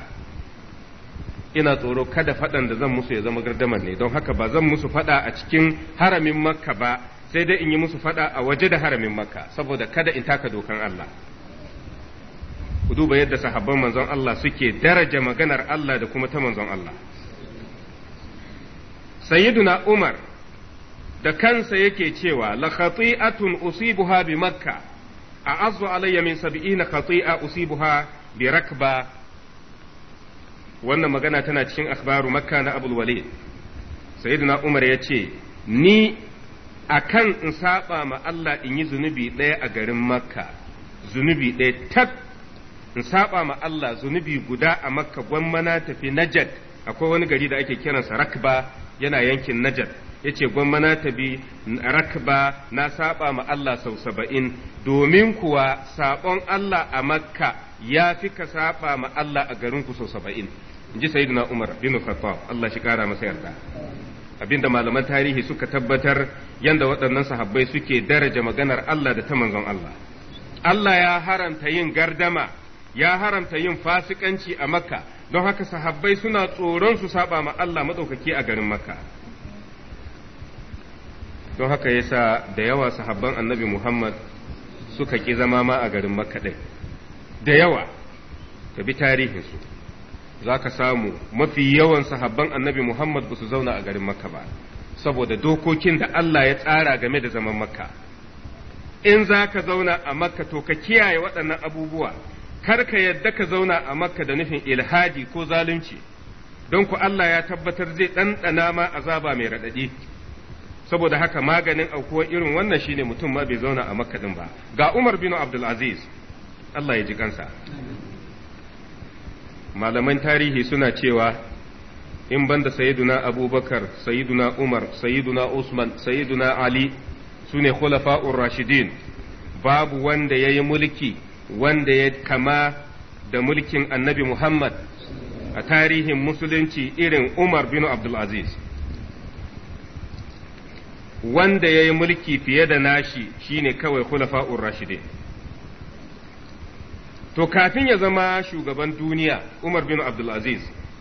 Speaker 1: ina tsoro kada faɗan da zan musu ya zama gardaman ne don haka ba zan musu faɗa a cikin haramin makka ba sai dai in yi musu faɗa a waje da haramin makka saboda kada in taka dokan Allah ku duba yadda sahabban manzon Allah suke daraja maganar Allah da kuma ta manzon Allah sayyiduna Umar da kansa yake cewa la khati'atun usibuha bi makka a azu alayya min sab'ina khati'a usibuha bi rakba wannan magana tana cikin akhbaru makka na abul walid sayyidina umar ya ce ni akan in saba ma Allah in yi zunubi ɗaya a garin makka zunubi ɗaya tak in saba ma Allah zunubi guda a makka gwamma na tafi najad akwai wani gari da ake kiransa rakba yana yankin Najar yace gwamma ta bi rakba na saba ma Allah sau saba'in domin kuwa sabon Allah a Makka ya fi ka saba ma Allah a garin ku sau saba'in in ji Sayyidina Umar bin Khattab Allah shi kara masa yarda abinda malaman tarihi suka tabbatar yanda waɗannan sahabbai suke daraja maganar Allah da ta manzon Allah Allah ya haramta yin gardama ya haramta yin fasikanci a Makka don haka sahabbai suna tsoron su saba ma Allah matsaukaki a garin Makka don haka yasa da yawa sahabban annabi Muhammad suka ƙi zama ma a garin Makka ɗin da yawa ka bi tarihinsu za ka samu mafi yawan sahabban annabi Muhammad ba su zauna a garin Makka ba saboda dokokin da Allah ya tsara game da zaman Makka in za ka zauna a Makka to ka kiyaye waɗannan abubuwa kar ka yadda ka zauna a makka da nufin ilhadi ko zalunci don ku Allah ya tabbatar zai ɗanɗana ma azaba mai raɗaɗi saboda haka maganin aukuwar irin wannan shine mutum ma bai zauna a makka din ba ga Umar bin Abdul Aziz Allah ya ji kansa malaman tarihi suna cewa in banda sayyiduna Abubakar sayyiduna Umar sayyiduna Usman sayyiduna Ali sune khulafa'ur rashidin babu wanda yayi mulki wanda ya kama da mulkin annabi Muhammad a tarihin musulunci irin Umar bin Abdulaziz. Wanda ya yi mulki fiye da nashi shine kawai khulafa'ur rashidin. To kafin ya zama shugaban duniya Umar bin Abdulaziz,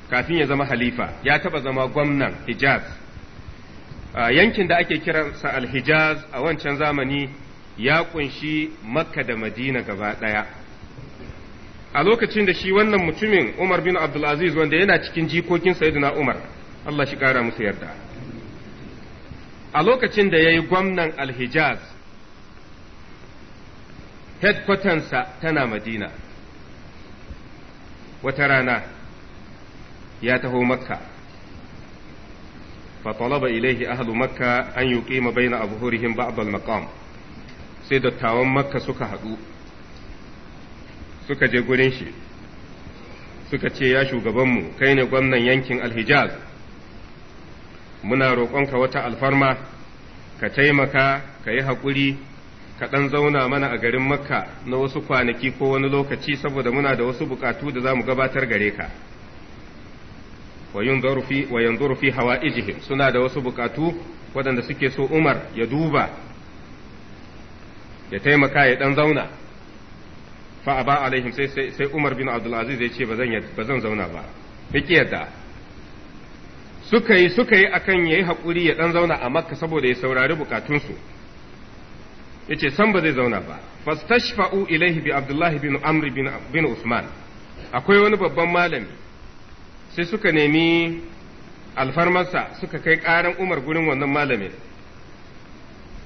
Speaker 1: kafin ya zama halifa, ya taɓa zama gwamnan Hijaz. yankin da ake kiransa Al-Hijaz a wancan zamani ya kunshi makka da madina gaba ɗaya a lokacin da shi wannan mutumin umar bin abdulaziz wanda yana cikin jikokin sayyidina umar allah shi ƙara musu yarda a lokacin da ya yi gwamnan alhijaz headquartersa tana madina wata rana ya taho makka فطلب إليه أهل مكة أن يقيم بين أظهرهم بعض المقام sai dattawan makka suka haɗu suka je gurin shi suka ce ya shugabanmu kai ne gwamnan yankin alhijaz muna roƙonka wata alfarma ka taimaka ka yi haƙuri ka ɗan zauna mana a garin makka na wasu kwanaki ko wani lokaci saboda muna da wasu buƙatu da za mu gabatar gare ka wa yanzuru hawa ijihim suna da wasu buƙatu waɗanda suke so umar ya duba ya taimaka ya dan zauna fa ba alaihim sai Umar bin Abdul Aziz ya ce ba zan zauna ba yake yadda suka yi suka yi akan yi haƙuri ya dan zauna a Makka saboda ya saurari bukatunsu Ya ce san ba zai zauna ba fastashfa'u ilaihi bi Abdullahi bin Amri bin Usman akwai wani babban malami sai suka nemi alfarmarsa suka kai ƙaran Umar gurin wannan malamin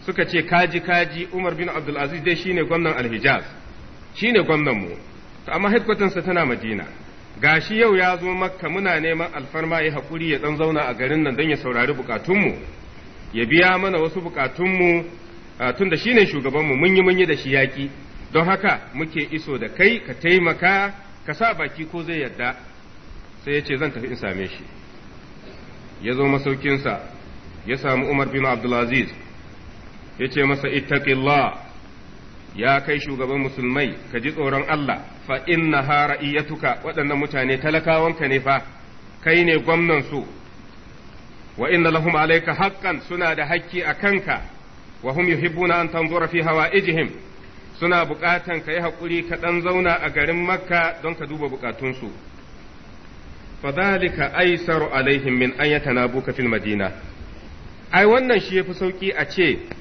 Speaker 1: suka ce kaji kaji Umar bin Abdulaziz Aziz dai shine gwamnan Al-Hijaz shine gwamnan mu to amma headquarters sa tana Madina gashi yau ya zo Makka muna neman alfarma ya hakuri ya dan zauna a garin nan don ya saurari bukatun mu ya biya mana wasu bukatun mu tunda shine shugaban mu mun yi mun yi da shi yaki don haka muke iso da kai ka taimaka ka sa baki ko zai yadda sai ya ce zan tafi in same shi ya zo masaukinsa ya samu Umar bin Abdulaziz ya ce masa ittaqillah ya kai shugaban musulmai ka ji tsoron Allah fa inna ha ra'iyatuka waɗannan mutane talakawanka ne fa kai ne gwamnan su wa inna lahum alayka haqqan suna da hakki a kanka wa hum yuhibbuna an tanzura fi hawa'ijihim suna buƙatan ka yi haƙuri ka ɗan zauna a garin makka don ka duba buƙatunsu fadhalika aisaru alaihim min an yatanabuka fil madina ai wannan shi yafi sauki a ce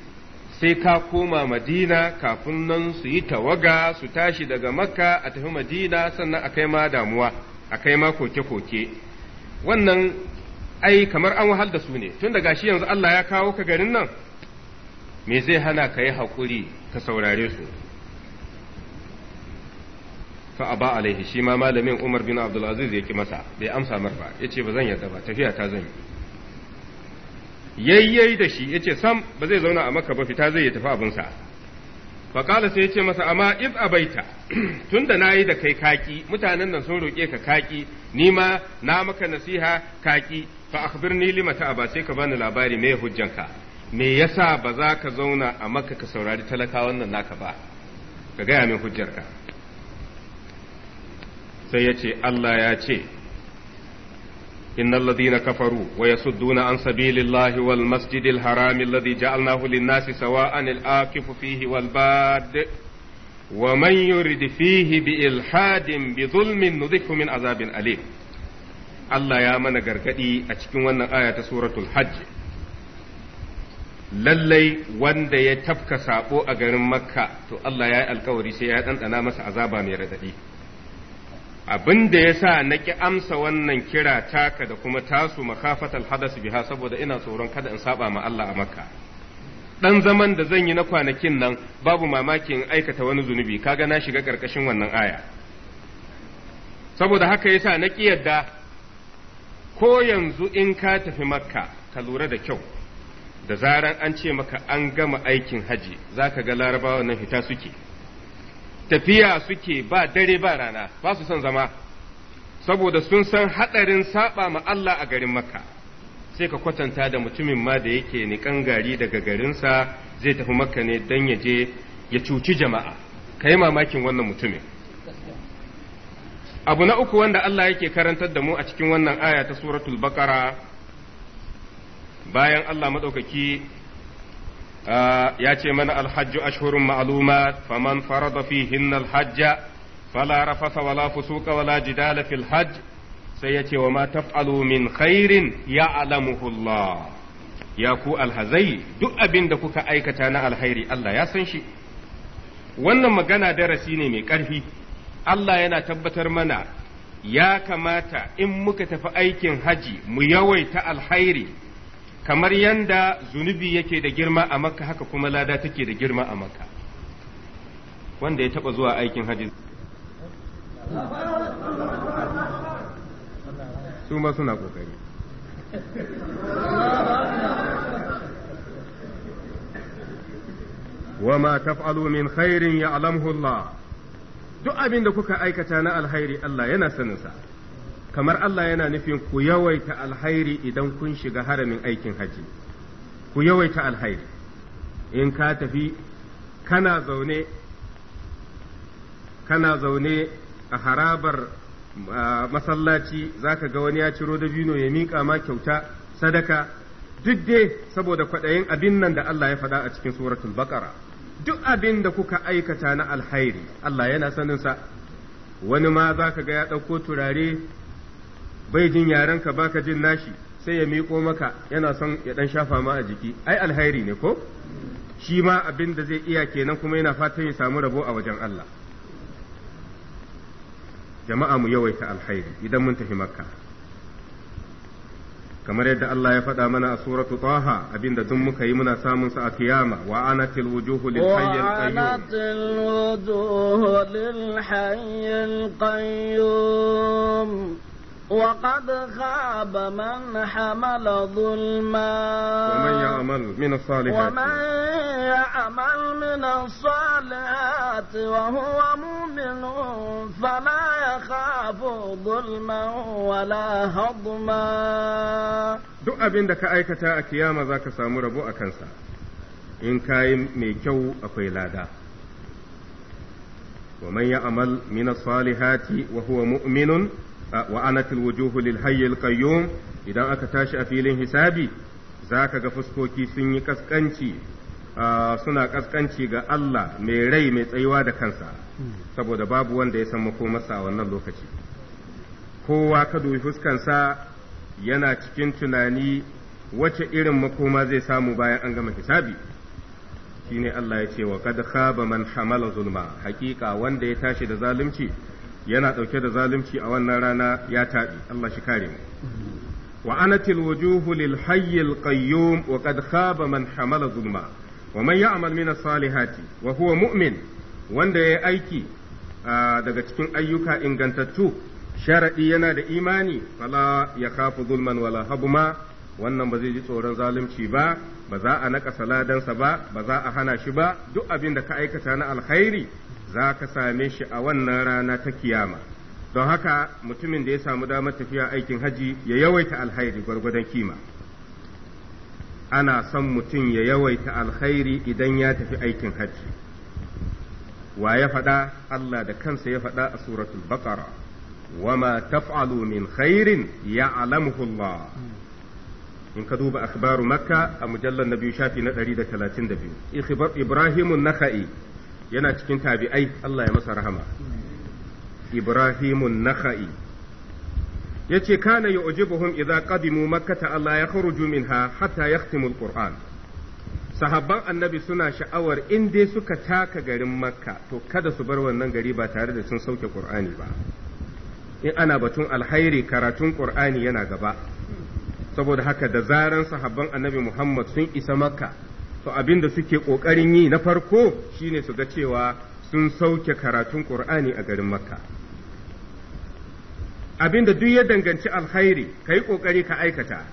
Speaker 1: sai ka koma madina kafin nan su yi tawaga su tashi daga makka a tafi madina sannan a kai ma damuwa a kai ma koke-koke wannan ai kamar an wahal da su ne tun daga shi yanzu Allah ya kawo ka garin nan me zai hana ka yi haƙuri ka saurare su fa aba alaihi shi ma malamin Umar bin Abdul Aziz yake masa bai amsa marfa ya ce ba zan yarda ba tafiya ta zan yi yayyai da shi yace sam ba zai zauna a maka ba fita zai yi tafi abinsa kala sai ya ce masa amma if abaita tun da na yi da kai kaki mutanen nan sun roƙe ka kaki ni ma na maka nasiha kaki fa akhbirni lima ta'aba sai ka bani labari me hujjanka me yasa ba za ka zauna a maka ka saurari talaka wannan naka ba ka gaya min hujjarka sai ya ce Allah ya ce إن الذين كفروا ويصدون عن سبيل الله والمسجد الحرام الذي جعلناه للناس سواء الآكف فيه والباد ومن يرد فيه بإلحاد بظلم نضيف من عذاب أليم Allah ya mana gargaɗi a cikin wannan aya ta suratul hajj lallai wanda ya tafka saɓo a garin makka to Allah ya yi alkawari sai ya ɗanɗana masa azaba mai raɗaɗi abin da ya sa na ki amsa wannan kira taka da kuma tasu makafatal hadas biha saboda ina tsoron kada in saba ma Allah a makka dan zaman da zan yi na kwanakin nan babu mamaki in aikata wani zunubi kaga na shiga karkashin wannan aya saboda haka yasa na ki yadda ko yanzu in ka tafi makka ka lura da kyau da zaran an ce maka an gama aikin haji zaka ga larabawa nan fita suke tafiya suke ba dare ba rana ba su son zama saboda sun san haɗarin saɓa ma Allah a garin Makka sai ka kwatanta da mutumin ma da yake niƙan gari daga garinsa zai tafi Makka ne don ya je ya cuci jama'a ka yi mamakin wannan mutumin abu na uku wanda Allah yake karantar da mu a cikin wannan aya ta suratul bakara bayan Allah maɗaukaki ya ce mana alhajju ashhurun ma'lumat faman farada fihinna alhajja fala rafasa wala fusuka wala jidala fil hajj sai ya ce wa ma taf'alu min khairin ya'lamuhu Allah ya ku alhazai duk abin da kuka aikata na alhairi Allah ya san shi wannan magana darasi ne mai ƙarfi Allah yana tabbatar mana ya kamata in muka tafi aikin haji mu yawaita alhairi kamar yanda zunubi yake da girma a makka haka kuma lada take da girma a makka wanda ya taba zuwa aikin haji su ma suna kokari wama taf'alu min khairin ya Allah duk abin da kuka aikata na alkhairi Allah yana saninsa kamar Allah yana nufin ku yawaita alhairi idan kun shiga haramin aikin haji ku yawaita alhairi in ka tafi kana zaune kana zaune a harabar masallaci zaka ga wani ya ciro dabino ya mika ma kyauta sadaka duk dai saboda kwaɗayin abin nan da Allah ya faɗa a cikin suratul baqara duk abin da kuka aikata na alhairi Allah yana saninsa wani ma zaka ga ya ɗauko turare bai jin yaren ka baka jin nashi sai ya miƙo maka yana son ya dan shafa ma a jiki ai alhairi ne ko shi ma abin da zai iya kenan kuma yana fatan ya samu rabo a wajen Allah jama'a mu yawaita alhairi idan mun tafi makka kamar yadda Allah ya faɗa mana a suratu Taha abinda duk muka yi muna samun sa a kiyama wa anatil wujuhu lil hayyil qayyum wa
Speaker 2: anatil wujuhu hayyil qayyum وقد خاب من حمل ظلما ومن يعمل
Speaker 1: من الصالحات ومن
Speaker 2: يعمل من الصالحات وهو مؤمن فلا يخاف ظلما ولا هضما
Speaker 1: duk abin da ka aikata a kiyama za ka samu rabo a kansa in ka yi mai kyau akwai lada wa man ya amal min salihati wa huwa mu'minun wa anatil wujuhu lil hayyil idan aka tashi a filin hisabi zaka ga fuskoki sun yi kaskanci suna kaskanci ga Allah mai rai mai tsayuwa da kansa saboda babu wanda ya san makomarsa a wannan lokaci kowa ka dubi fuskansa yana cikin tunani wacce irin makoma zai samu bayan an gama hisabi shine Allah ya ce wa kad khaba man hamala zulma hakika wanda ya tashi da zalunci yana ɗauke da zalunci a wannan rana ya taɓi Allah shi kare mu wa anatil wujuhu lil hayyil qayyum wa qad khaba man hamala zulma wa man ya'mal min salihati wa huwa mu'min wanda ya aiki daga cikin ayyuka ingantattu sharadi yana da imani fala ya khafu zulman wala habuma wannan ba zai ji tsoron zalunci ba ba za a naka saladansa ba ba za a hana shi ba duk abin da ka aikata na alkhairi za ka same shi a wannan rana ta kiyama don haka mutumin da ya samu damar tafiya aikin haji ya yawaita alkhairi gwargwadon kima ana son mutum ya yawaita alkhairi idan ya tafi aikin haji wa ya faɗa Allah da kansa ya faɗa a suratul baqara ta taf'alu min khairin ya'lamuhu Allah hmm. in ka duba akhbaru makka a mujallar na biyu shafi na da 132 ibrahimu naka'i yana cikin tabi'ai Allah ya masa rahama ibrahimu naka'i yace kana yu'jibuhum idza qadimu ta Allah ya kharuju minha hatta yahtimu alquran sahabban annabi suna sha'awar in dai suka taka garin makka to kada su bar wannan gari ba tare da sun sauke qur'ani ba in ana batun alhairi karatun qur'ani yana gaba saboda haka da zaran sahabban annabi Muhammad sun isa makka to abin da suke ƙoƙarin yi na farko shine su ga cewa sun sauke karatun ƙur'ani a garin makka abin da duk ya danganci alkhairi ka yi ƙoƙari ka aikata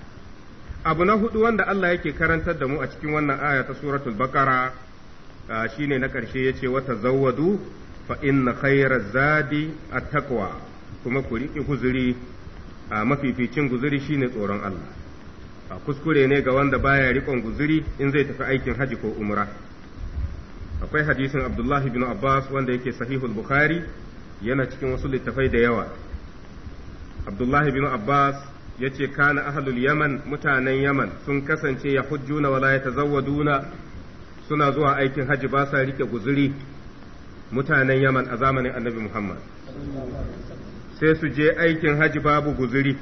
Speaker 1: abu na hudu wanda Allah yake karantar da mu a cikin wannan aya ta suratul baqara shine na ƙarshe yace wata zawwadu fa inna khayra zadi at-taqwa kuma ku riƙe huzuri. a mafificin guzuri shine tsoron Allah a kuskure ne ga wanda baya riƙon guzuri in zai tafi aikin haji ko umra akwai hadisin Abdullahi bin Abbas wanda yake sahihul Bukhari yana cikin wasu littafai da yawa Abdullahi bin Abbas ya ce kana ahlul Yaman mutanen Yaman sun kasance ya hujjuna wala ya tazawwaduna suna zuwa aikin haji ba sa rike guzuri mutanen Yaman a zamanin Annabi Muhammad sai su je aikin haji babu guzuri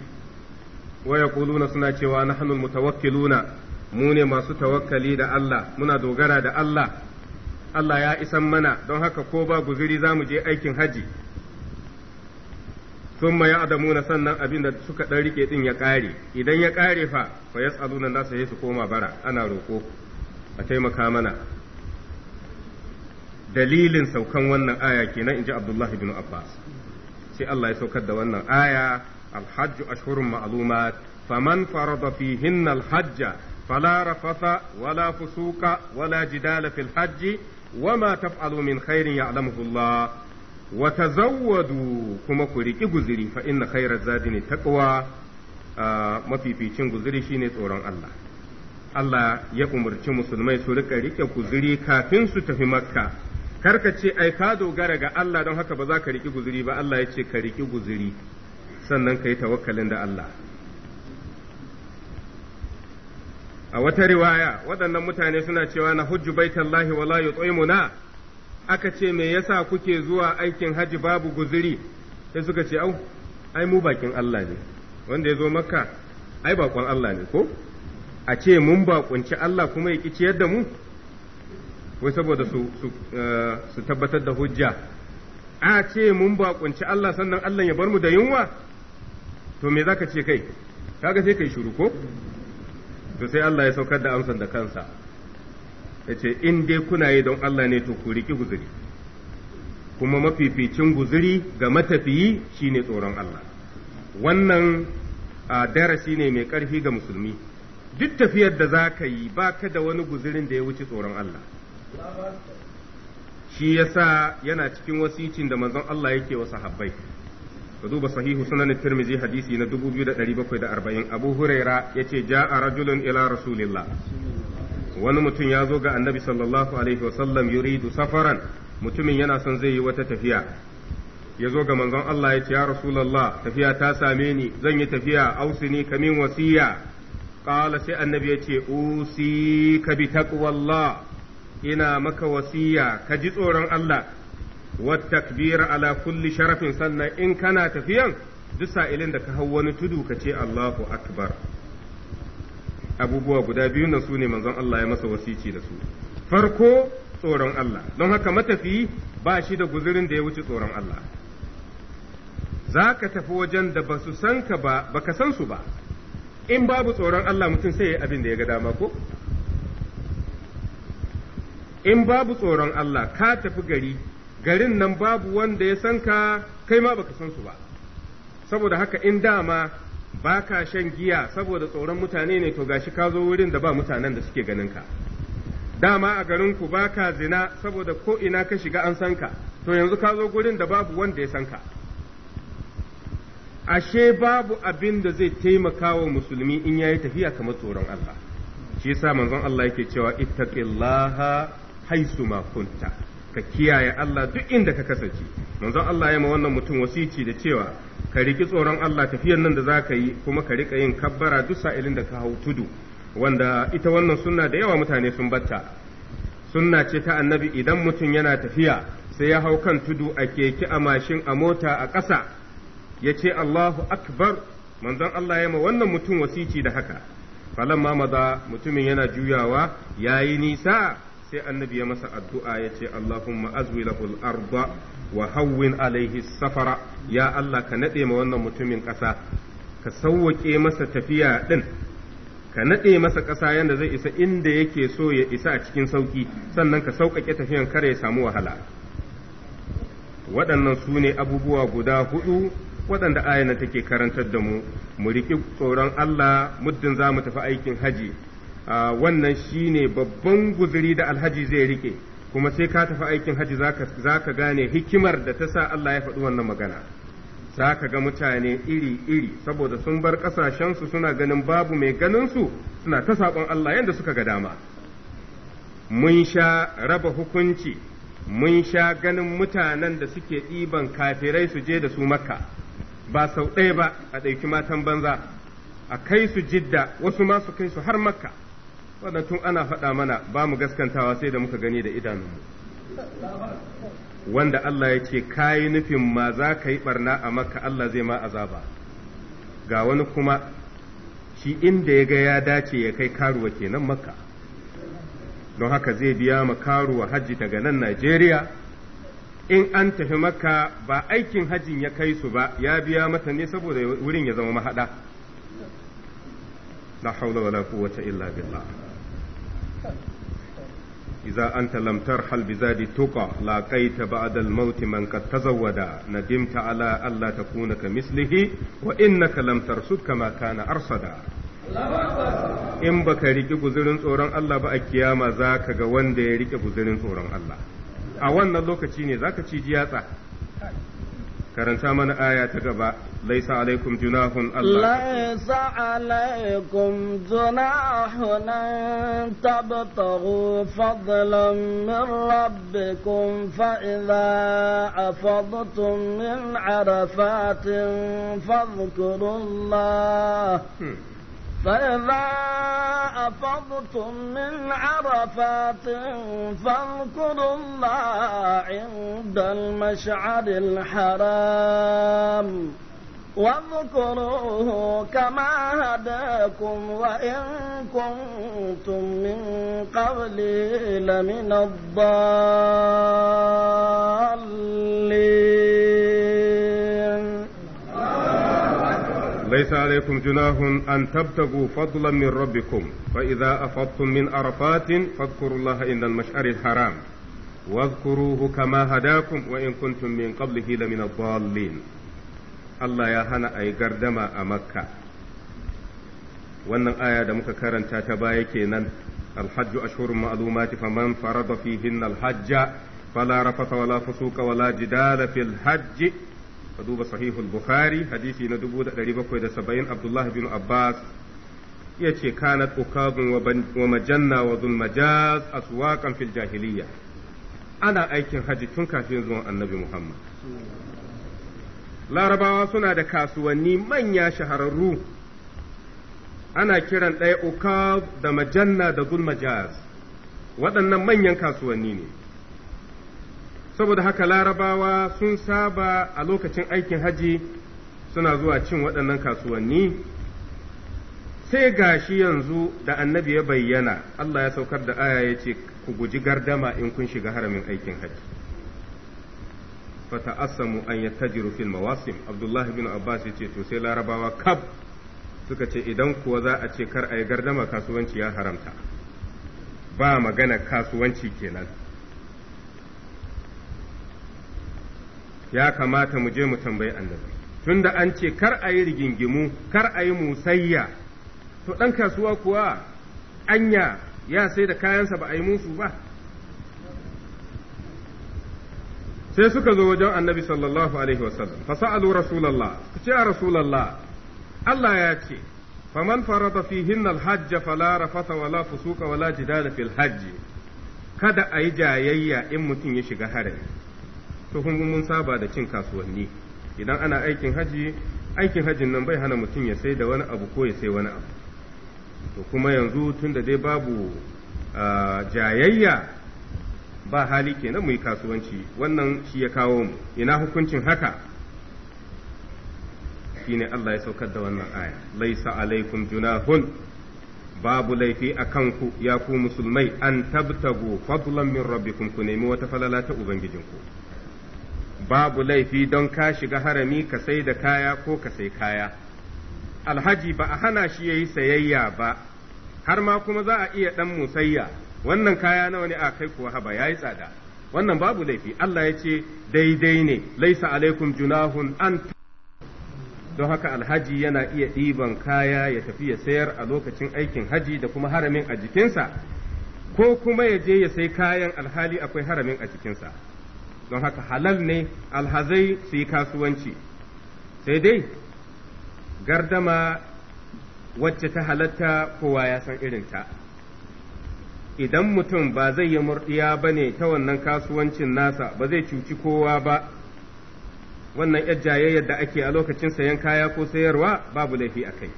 Speaker 1: Waya kuluna suna cewa nahnu mutawakkiluna mu ne masu tawakkali da Allah muna dogara da Allah Allah ya isan mana don haka ko ba guzuri za mu je aikin haji sun adamu na sannan abin da suka ɗan rike ɗin ya ƙare. idan ya kare fa fa yas'aluna nasu sai su koma bara ana roko a taimaka mana dalilin saukan wannan aya kenan inji Abdullahi bin Abbas sai Allah ya saukar da wannan aya alhajju ashhurun ma'lumat faman farada fihinna alhajja fala rafatha wala fusuka wala jidala fil hajji wama taf'alu min khairin ya'lamuhu Allah wa tazawwadu kuma ku riki guziri fa inna khairaz zadini taqwa ah, mafificin guziri shine tsoron Allah Allah ya umarci musulmai su rika riƙe guziri kafin su tafi makka karka ce ai ka dogara ga Allah don haka ba za ka riki guzuri ba Allah ya ce ka riki guzuri sannan ka yi tawakkalin da Allah a wata riwaya waɗannan mutane suna cewa na hujju baitallahi wala yutaimuna aka ce me yasa kuke zuwa aikin haji babu guzuri sai suka ce au ai mu bakin Allah ne wanda ya zo makka ai bakon Allah ne ko a ce mun bakunci Allah kuma ya ki ciyar da mu wai saboda su eh, su tabbatar da hujja a ce mun baƙunci Allah sannan Allah ya bar mu da yunwa to me zaka ce kai kaga sai kai shiru ko to sai Allah ya saukar da amsan da kansa ya ce in dai kuna yi don Allah ne to ku riki guzuri kuma mafificin guzuri ga matafiyi shine tsoron Allah wannan a darasi ne mai ƙarfi ga musulmi duk tafiyar da za ka yi ba ka da wani guzurin da ya wuce tsoron Allah shi yasa yana cikin wasicin da manzon Allah yake wa sahabbai ka duba sahihu sunan tirmizi hadisi na 2740 abu huraira ja a rajulun ila rasulillah wani mutum ya zo ga annabi sallallahu alaihi wasallam yuridu safaran mutumin yana son zai yi wata tafiya ya zo ga manzon Allah ya ce ya Rasulallah tafiya ta same ni zan yi tafiya ausini kamin wasiya qala sai annabi ya ce usi ka bi taqwallah ina maka wasiya ka ji tsoron Allah wa takbira ala kulli sharafin sannan in kana tafiyan duk sa'ilin da ka hau wani tudu ka ce Allahu akbar abubuwa guda biyu nan sune manzon Allah ya masa wasici da su farko tsoron Allah don haka matafi ba shi da guzurin da ya wuce tsoron Allah za ka tafi wajen da ba su san ka ba ba ka san su ba in babu tsoron Allah mutum sai ya abin da ya ga dama ko in babu tsoron Allah ka tafi gari garin nan babu wanda ya san ka kai ma baka san su ba saboda haka in dama baka shan giya saboda tsoron mutane ne to gashi ka zo wurin da ba mutanen da suke ganin ka dama a garin ku baka zina saboda ko ina ka shiga an san ka to yanzu ka zo gurin da babu wanda ya san ka ashe babu abin da zai taimaka wa musulmi in yayi tafiya kamar tsoron Allah shi yasa manzon Allah yake cewa ittaqillaha haisu ma kunta ka kiyaye Allah duk inda ka kasance manzon Allah ya ma wannan mutum wasici da cewa ka riki tsoron Allah tafiyar nan da za ka yi kuma ka rika yin kabbara duk sa'ilin da ka hau tudu wanda ita wannan sunna da yawa mutane sun batta sunna ce ta annabi idan mutum yana tafiya sai ya hau kan tudu a keke a mashin a mota a ƙasa ya ce Allahu akbar manzon Allah ya ma wannan mutum wasici da haka falamma maza mutumin yana juyawa yayi nisa sai annabi ya masa addu'a ya ce Allahumma azwi lahul arda wa hawwin alaihi safara ya Allah ka naɗe ma wannan mutumin ƙasa ka sauwaƙe masa tafiya ɗin ka naɗe masa ƙasa yadda zai isa inda yake so ya isa a cikin sauƙi sannan ka sauƙaƙe tafiyan kare ya samu wahala waɗannan su ne abubuwa guda hudu waɗanda ayana take karantar da mu mu riƙi tsoron Allah muddin za mu tafi aikin haji Ah, wannan shine babban guzuri da alhaji zai rike kuma sai ka tafi aikin haji za ka gane hikimar da ta sa Allah ya faɗi wannan magana za ka ga mutane iri-iri saboda sun bar ƙasashensu suna ganin babu mai ganinsu suna ta saƙon Allah yadda suka ga dama mun sha raba hukunci mun sha ganin mutanen da suke ɗiban kafirai su je da su makka ba sau ɗaya ba a ɗauki matan banza a kai su jidda wasu ma su kai su har makka wannan tun ana faɗa mana ba mu gaskantawa sai da muka gani da idanunmu wanda Allah ya ce kayi nufin ma za ka yi barna a maka Allah zai ma azaba ga wani kuma shi inda ya ga ya dace ya kai karuwa kenan maka don haka zai biya ma karuwa hajji daga nan Najeriya in an tafi maka ba aikin hajjin ya kai su ba ya biya mata ne saboda wurin ya zama mahaɗa. na haula wala quwwata illa billah Iza an لم ترحل بزاد التقى لاقيت بعد الموت من قد تزود ندمت على ألا تكون كمثله وإنك لم ترصد كما كان أرصدا in baka riƙe guzirin tsoron Allah ba a kiyama za ka ga wanda ya riƙe guzirin tsoron Allah a wannan lokaci ne za ka ci jiyatsa karanta mana aya ta gaba laisa alaikum junahun Allah
Speaker 2: laisa alaikum junahun tabtaghu fadlan min rabbikum fa idza afadtum min arafatin fadhkurullah hmm. فإذا أفضتم من عرفات فاذكروا الله عند المشعر الحرام واذكروه كما هداكم وإن كنتم من قبل لمن الضالين
Speaker 1: وليس عليكم جناه أن تبتغوا فضلا من ربكم فإذا أفضتم من عرفات فاذكروا الله عند المشعر الحرام واذكروه كما هداكم وإن كنتم من قبله لمن الضالين الله يا هنا أي قردما أمكة wannan aya da muka karanta ta baya kenan alhajju ashhurun ma'lumati faman farada fihinna alhajja fala rafata wala fusuka wala jidala fil hajji ka duba sahihul bukhari hadisi na 1770 abdullahi bin abbas ya ce kanat ukazun wa majanna wa zulmajaz aswaqan fil jahiliya ana aikin haji tun kafin zuwan annabi muhammad larabawa suna da kasuwanni manya shahararru ana kiran ɗaya ukaz da majanna da zulmajaz waɗannan manyan kasuwanni ne saboda haka larabawa sun saba a lokacin aikin haji suna zuwa cin waɗannan kasuwanni sai gashi yanzu da annabi ya bayyana Allah ya saukar da aya ya ce ku guji gardama in kun shiga haramin aikin haji fata'assamu an yattajiru fil mawasim Abdullahi bin Abbas ya ce to sai larabawa kab suka ce idan kuwa za a ce kar a yi gardama kasuwanci ya haramta ba magana kasuwanci kenan ya kamata mu je mu tambayi annabi tunda an ce kar a yi rigingimu kar a yi musayya to ɗan kasuwa kuwa anya ya sai da kayansa ba a yi musu ba sai suka zo wajen annabi sallallahu alaihi wasallam fasa'alu rasulallah ku ce a Allah ya ce faman farada fihinna alhajj fala rafata wala fusuka wala jidala fil hajj kada a yi jayayya in mutum ya shiga harami to kun mun saba da cin kasuwanni idan ana aikin haji aikin hajin nan bai hana mutum ya sai da wani abu ko ya sai wani abu to kuma yanzu tun da dai babu jayayya ba hali kenan mu yi kasuwanci wannan shi ya kawo mu ina hukuncin haka shine Allah ya saukar da wannan aya laisa alaikum junahun babu laifi a kanku ya ku musulmai an tabtagu fadlan min rabbikum ku nemi wata falala ta ubangijinku babu laifi don ka shiga harami ka sai da kaya ko ka sai kaya alhaji ba a hana shi ya yi sayayya ba har ma kuma za a iya ɗan musayya wannan kaya nawa ne a kai kuwa haba ya yi tsada wannan babu laifi Allah ya ce daidai ne laisa alaikum junahun an don haka alhaji yana iya ɗiban kaya ya tafi ya sayar a lokacin aikin haji da kuma haramin a jikinsa ko kuma ya je ya sai kayan alhali akwai haramin a jikinsa don haka halal ne alhazai su yi kasuwanci sai dai gardama wacce ta halatta kowa ya san irinta idan mutum ba zai yi murɗiya ba ne ta wannan kasuwancin nasa ba zai cuci kowa ba wannan yajjaye yadda ake a lokacin sayan kaya ko sayarwa babu laifi a kai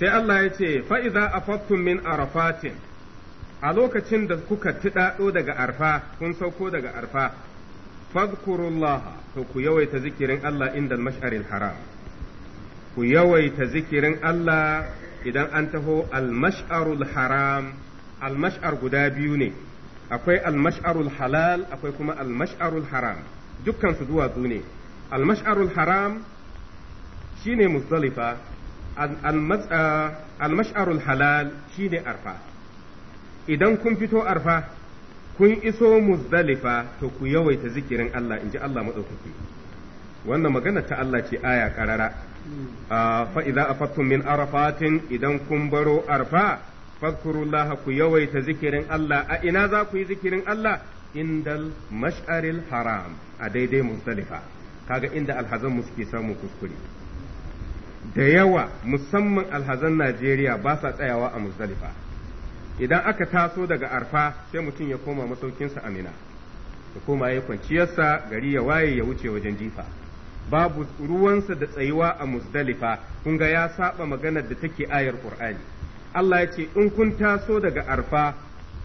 Speaker 1: sai Allah ya ce fa'iza a min arafatin a lokacin da kuka tiɗaɗo daga arfa kun sauko daga arfa fadkurullaha to ku yawaita zikirin Allah inda mash'aril haram ku yawaita zikirin Allah idan an taho al haram al-mash'ar guda biyu ne akwai al halal akwai kuma al-mash'arul haram dukkan su duwatsu ne al-mash'arul haram shine muzdalifa al halal shine arfa idan kun fito arfa kun iso muzdalifa to ku yawaita zikirin Allah in ji Allah maɗaukaki wannan magana ta Allah ce aya karara hmm. ah, fa idza afattum min arafatin idan kun baro arfa fadkurullah ku yawaita zikirin Allah a ina za ku yi zikirin Allah indal mash'aril haram a daidai muzdalifa kaga inda alhazan mu suke samun kuskure da yawa musamman alhazan Najeriya ba sa tsayawa a muzdalifa idan aka taso daga arfa sai mutum ya koma masaukinsa amina ya koma ya kwanciyarsa gari ya waye ya wuce wajen jifa babu ruwansa da tsayuwa a musdalifa. kun ga ya saba maganar da take ayar qur'ani Allah ya ce in kun taso daga arfa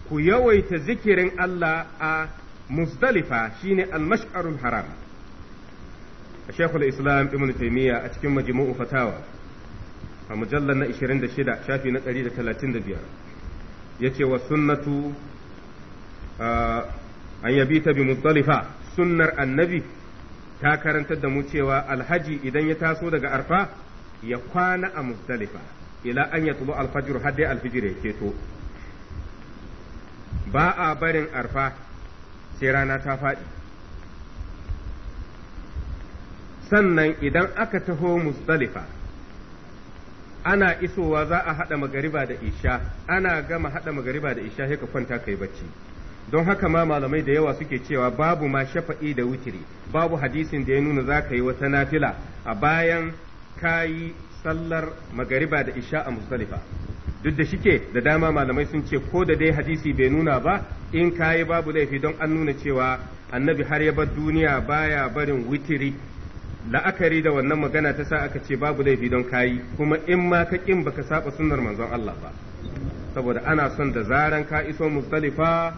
Speaker 1: ku yawaita zikirin Allah a musdalifa shine al-mash'arul haram Sheikhul Islam Ibn Taymiyyah a cikin majmu'u fatawa a mujallar na 26 shafi na biyar. yace wa sunnatu an ta bi muzdalifa sunnar annabi ta karantar da mu cewa alhaji idan ya taso daga arfa ya kwana a muzdalifa ila an ya tubu alfajir har dai alfijir ya keto ba a barin arfa sai rana ta faɗi sannan idan aka taho muzdalifa ana isowa za a haɗa magariba da isha ana gama haɗa magariba da isha sai kwanta kai bacci don haka ma malamai da yawa suke cewa babu ma shafa'i da wutiri babu hadisin da ya nuna za ka yi wata nafila a bayan kayi sallar magariba da isha a musdalifa duk da shike da dama malamai sun ce ko da dai hadisi bai nuna ba in kayi babu laifi don an nuna cewa annabi har ya bar duniya baya barin witiri la'akari da wannan magana ta sa aka ce babu laifi don kayi kuma in ma ka kin baka saba sunnar manzon Allah ba saboda ana son da zaran ka iso muzdalifa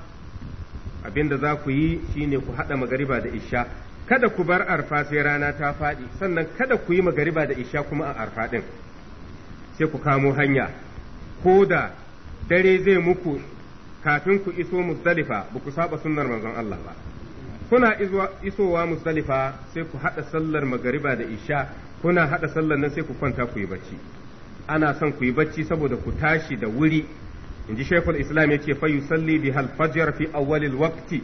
Speaker 1: abinda za ku yi shine ku hada magariba da isha kada ku bar arfa sai rana ta faɗi sannan kada ku yi magariba da isha kuma a arfa din sai ku kamo hanya ko da dare zai muku kafin ku iso muzdalifa ba ku saba sunnar manzon Allah ba kuna isowa musdalifa sai ku haɗa sallar magariba da isha kuna haɗa sallar nan sai ku kwanta ku yi bacci ana son ku yi bacci saboda ku tashi da wuri in ji shekul islam ya ce fayu salli bi halfajar fi awwalil waqti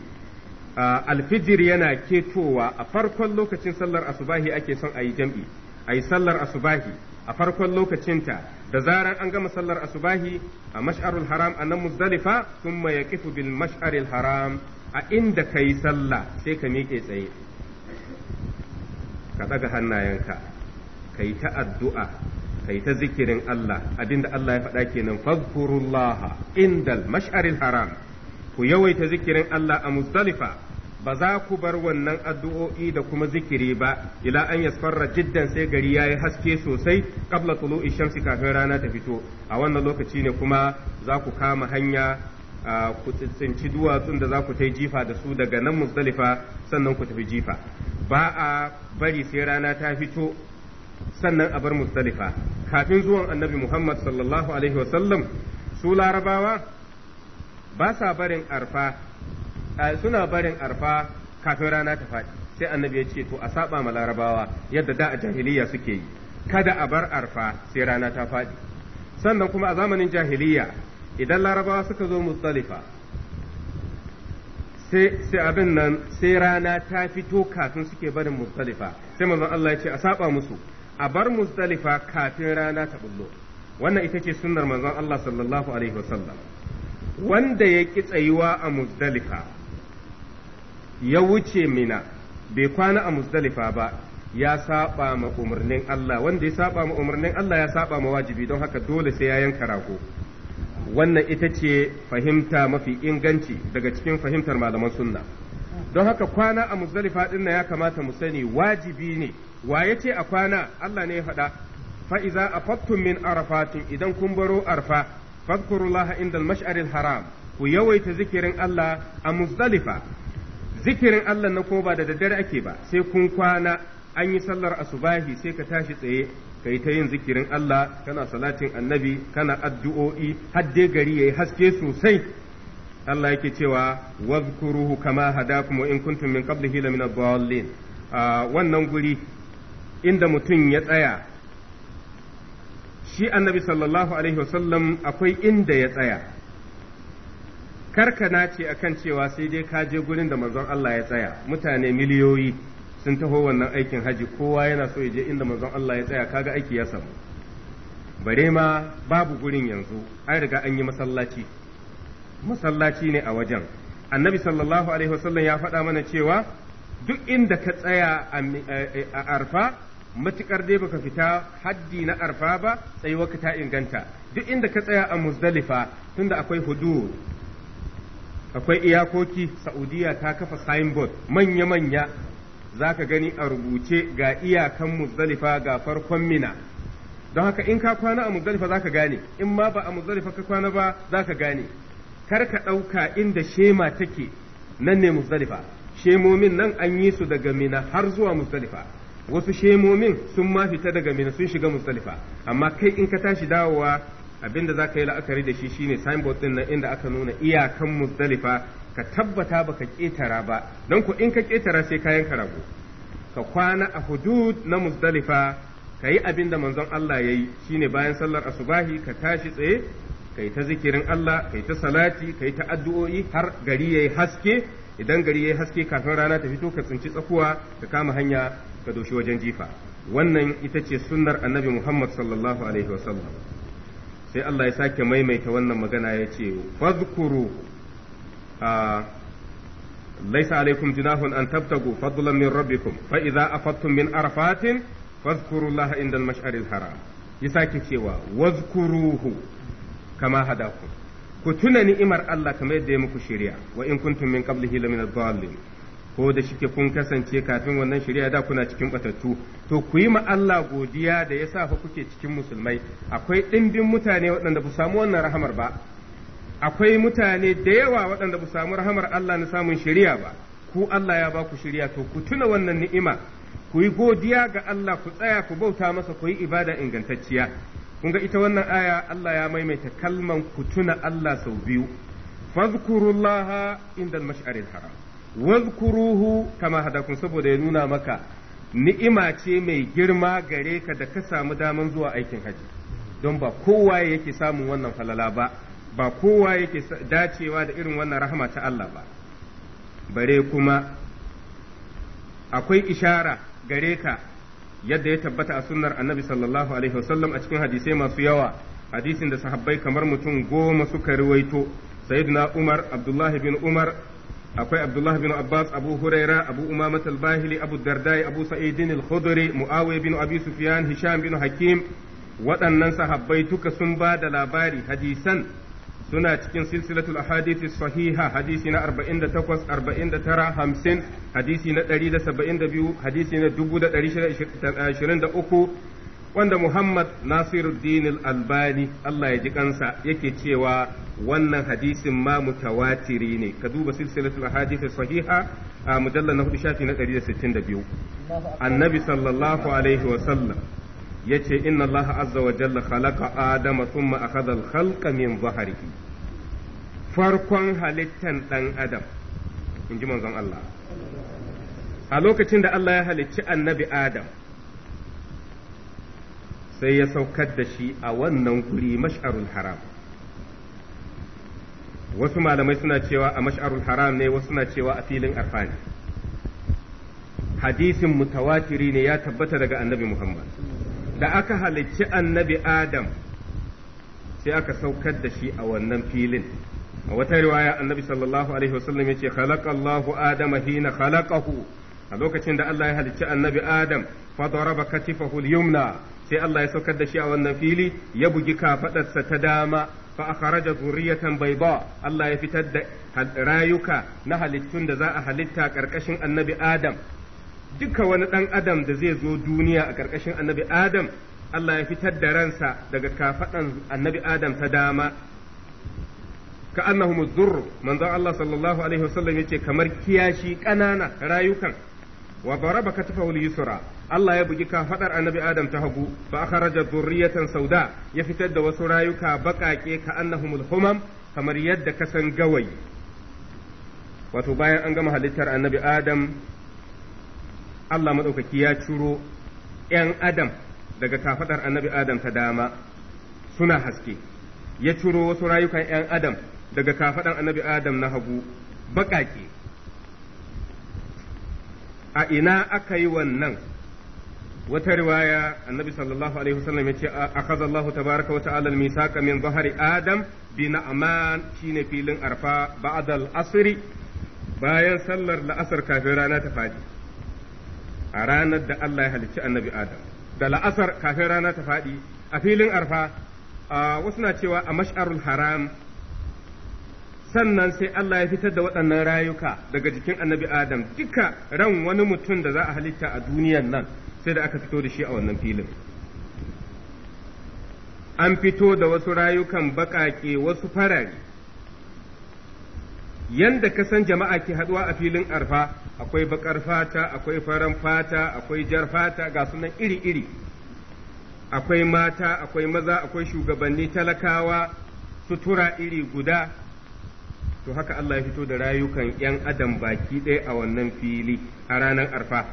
Speaker 1: alfijir yana ketowa a farkon lokacin sallar asubahi ake son a yi jam'i a yi sallar asubahi a farkon lokacinta da zarar an gama sallar asubahi a mash'arul haram a nan muzdalifa sun ya kifu bil mash'aril haram a inda ka yi sallah sai ka miƙe tsaye ka ɗaga hannayenka ka yi ta addu'a ka yi ta zikirin Allah abinda Allah ya faɗa kenan fadkurullaha indal mash'aril haram ku yawaita zikirin Allah a Muzdalifa ba za ku bar wannan addu'o'i da kuma zikiri ba ila an yasfarra jiddan sai gari ya yi haske sosai qabla tulu'i shamsi kafin rana ta fito a wannan lokaci ne kuma za ku kama hanya ku tsinci duwatsun da za ku ta jifa da su daga nan musdalifa sannan ku tafi jifa ba a bari sai rana ta fito sannan a bar musdalifa kafin zuwan annabi muhammad sallallahu alaihi wasallam su larabawa ba sa barin arfa suna barin arfa kafin rana ta faɗi sai annabi ya ce to a saba ma larabawa yadda da a jahiliya suke yi kada a bar arfa sai rana ta faɗi sannan kuma a zamanin jahiliya idan larabawa suka zo mustalifa sai abin nan sai rana ta fito kafin suke barin mustalifa sai manzon Allah ya ce a saba musu a bar mustalifa kafin rana ta bullo wannan ita ce sunnar manzon Allah sallallahu alaihi wasallam wanda ya ki tsayuwa a mustalifa ya wuce mina bai kwana a mustalifa ba ya saba ma umarnin Allah wanda ya saba ma umarnin Allah ya saba ma wajibi don haka dole sai ya yanka rago wannan ita ce fahimta mafi inganci daga cikin fahimtar malaman sunna don haka kwana a muzdalifa din ya kamata mu sani wajibi ne wa ya ce a kwana Allah ne ya faɗa fa iza afattum min arafatin idan kun baro arfa fadkurullaha inda masharil haram ku yawaita zikirin Allah a muzdalifa zikirin Allah na ko ba da daddare ake ba sai kun kwana an yi sallar asubahi sai ka tashi tsaye yi ta yin zikirin Allah kana salatin annabi kana addu'o'i hadde gari ya yi haske sosai Allah yake cewa wazkuruhu kama hada kuma in kuntum min qablihi lamina dallin wannan guri inda mutum ya tsaya shi annabi sallallahu alaihi wasallam akwai inda ya tsaya karkana ce akan cewa sai dai ka je gurin da manzon Allah ya tsaya mutane miliyoyi sun taho wannan aikin haji kowa yana so ya je inda manzon Allah ya tsaya kaga aiki ya samu bare ma babu gurin yanzu an riga an yi masallaci masallaci ne a wajen annabi sallallahu alaihi wasallam ya faɗa mana cewa duk inda ka tsaya a arfa matukar dai baka fita haddi na arfa ba tsayuwarka ta inganta duk inda ka tsaya a muzdalifa tunda akwai hudud akwai iyakoki saudiya ta kafa signboard manya-manya za ka gani a rubuce ga iyakan muzdalifa ga farkon mina don haka in ka kwana a muzdalifa za ka gane in ma ba a muzdalifa ka kwana ba za ka gane kar ka ɗauka inda shema take nan ne muzdalifa shemomin nan an yi su daga mina har zuwa muzdalifa wasu shemomin sun ma fita daga mina sun shiga muzdalifa amma kai in ka tashi dawowa abinda za ka yi la'akari da shi shine signboard din nan inda aka nuna iyakan muzdalifa ka tabbata baka ƙetara ba don ku in ka ƙetara sai kayan ka rago ka kwana a hudud na muzdalifa ka yi abin manzon Allah ya yi shine bayan sallar asubahi ka tashi tsaye ka yi ta zikirin Allah ka yi ta salati ka yi ta addu'o'i har gari ya yi haske idan gari ya yi haske kafin rana ta fito ka tsinci tsakuwa ka kama hanya ka doshi wajen jifa wannan ita ce sunnar annabi Muhammad sallallahu alaihi wasallam sai Allah ya sake maimaita wannan magana ya ce fadhkuru ليس عليكم جناح أن تبتغوا فضلا من ربكم فإذا أفضتم من عرفات فاذكروا الله عند المشعر الحرام يساكي سوى واذكروه كما هداكم كتنا نئمر الله كما يديمك الشريعة وإن كنتم من قبله لمن الضالين ko da shike kun kasance kafin wannan shari'a da kuna cikin batattu to ku yi ma Allah godiya da ya sa fa kuke cikin musulmai akwai ɗimbin mutane waɗanda ba samu wannan rahamar ba akwai mutane da yawa waɗanda ba samu rahamar Allah na samun shari'a ba ku Allah ya ba ku shari'a to ku tuna wannan ni'ima ku yi godiya ga Allah ku tsaya ku bauta masa ku yi ibada ingantacciya kun ga ita wannan aya Allah ya maimaita kalman ku tuna Allah sau biyu fadhkurullaha indal mash'aril haram wazkuruhu kama hadakun saboda ya nuna maka ni'ima ce mai girma gare ka da ka samu daman zuwa aikin haji don ba kowa yake samun wannan falala ba ba kowa yake dacewa da irin wannan rahama ta Allah ba bare kuma akwai ishara gare ka yadda ya tabbata a sunnar annabi sallallahu alaihi wasallam a cikin hadisai masu yawa hadisin da sahabbai kamar mutum goma suka ruwaito sayyidina umar abdullahi bin umar akwai abdullahi bin abbas abu huraira abu umamat al-bahili abu dardai abu sa'idin al-khudri muawiya bin abi sufyan hisham bin hakim waɗannan sahabbai duka sun ba da labari hadisan suna cikin silsilatul ahadithi sahiha hadisi na 48 49 50 hadisi na 172 hadisi na 1623 wanda Muhammad Nasiruddin al-Albani Allah ya ji kansa yake cewa wannan hadisin ma mutawatiri ne ka duba silsilatul ahadith sahiha a mujallal na 4 shafi na 162 annabi sallallahu alaihi wa sallam yace inna Allah azza wa jalla khalaqa adama thumma akhadha al-khalqa min farkon halittan dan adam inji manzon Allah a lokacin da Allah ya halicci annabi adam sai ya saukar da shi a wannan guri mash'arul haram wasu malamai suna cewa a mash'arul haram ne wasu suna cewa a filin arfani hadisin mutawatiri ne ya tabbata daga annabi muhammad da aka halicci annabi Adam sai aka saukar da shi a wannan filin a wata riwaya annabi sallallahu alaihi wasallam yace khalaqallahu adama hina khalaqahu a lokacin da Allah ya halicci annabi Adam fa daraba katifahu al-yumna sai Allah ya saukar da shi a wannan fili ya bugi kafadarsa ta dama fa akhraja zurriyatan bayda Allah ya fitar da rayuka na halittun da za a halitta karkashin annabi Adam duka wani ɗan adam da zai zo duniya a ƙarƙashin annabi adam Allah ya fitar da ransa daga kafaɗan annabi adam ta dama ka annahu zurru manzon Allah sallallahu alaihi wasallam yace kamar kiyashi ƙanana rayukan wa daraba katfahu yusra Allah ya bugi kafaɗar annabi adam ta hagu fa akhraja dhurriyatan sauda ya fitar da wasu rayuka baƙaƙe ka annahumul humam kamar yadda kasan gawayi wato bayan an gama halittar annabi adam Allah maɗaukaki ya ciro ‘yan Adam daga kafaɗar annabi Adam ta dama suna haske, ya ciro wasu rayukan ‘yan Adam daga kafaɗar annabi Adam na hagu baƙaƙe. A ina aka yi wannan wata riwaya annabi sallallahu alaihi wasallam ya ce akaza Allah tabaraka wa ta'ala al min zahari Adam bi shi ne filin arfa ba'da al bayan sallar la'asar kafin rana ta fadi a ranar da Allah ya halicci annabi Adam da la'asar kafin rana ta faɗi a filin arfa wasu na cewa a mash'arul haram sannan sai Allah ya fitar da waɗannan rayuka daga jikin annabi Adam duka ran wani mutum da za a halitta a duniyan nan sai da aka fito da shi a wannan filin an fito da wasu rayukan baƙaƙe wasu farari yanda ka san jama'a ke haɗuwa a filin arfa akwai bakar fata akwai faran fata akwai jar fata ga sunan iri-iri akwai mata akwai maza akwai shugabanni talakawa sutura iri guda to haka Allah ya fito da rayukan 'yan adam baki ɗaya a wannan fili a ranar arfa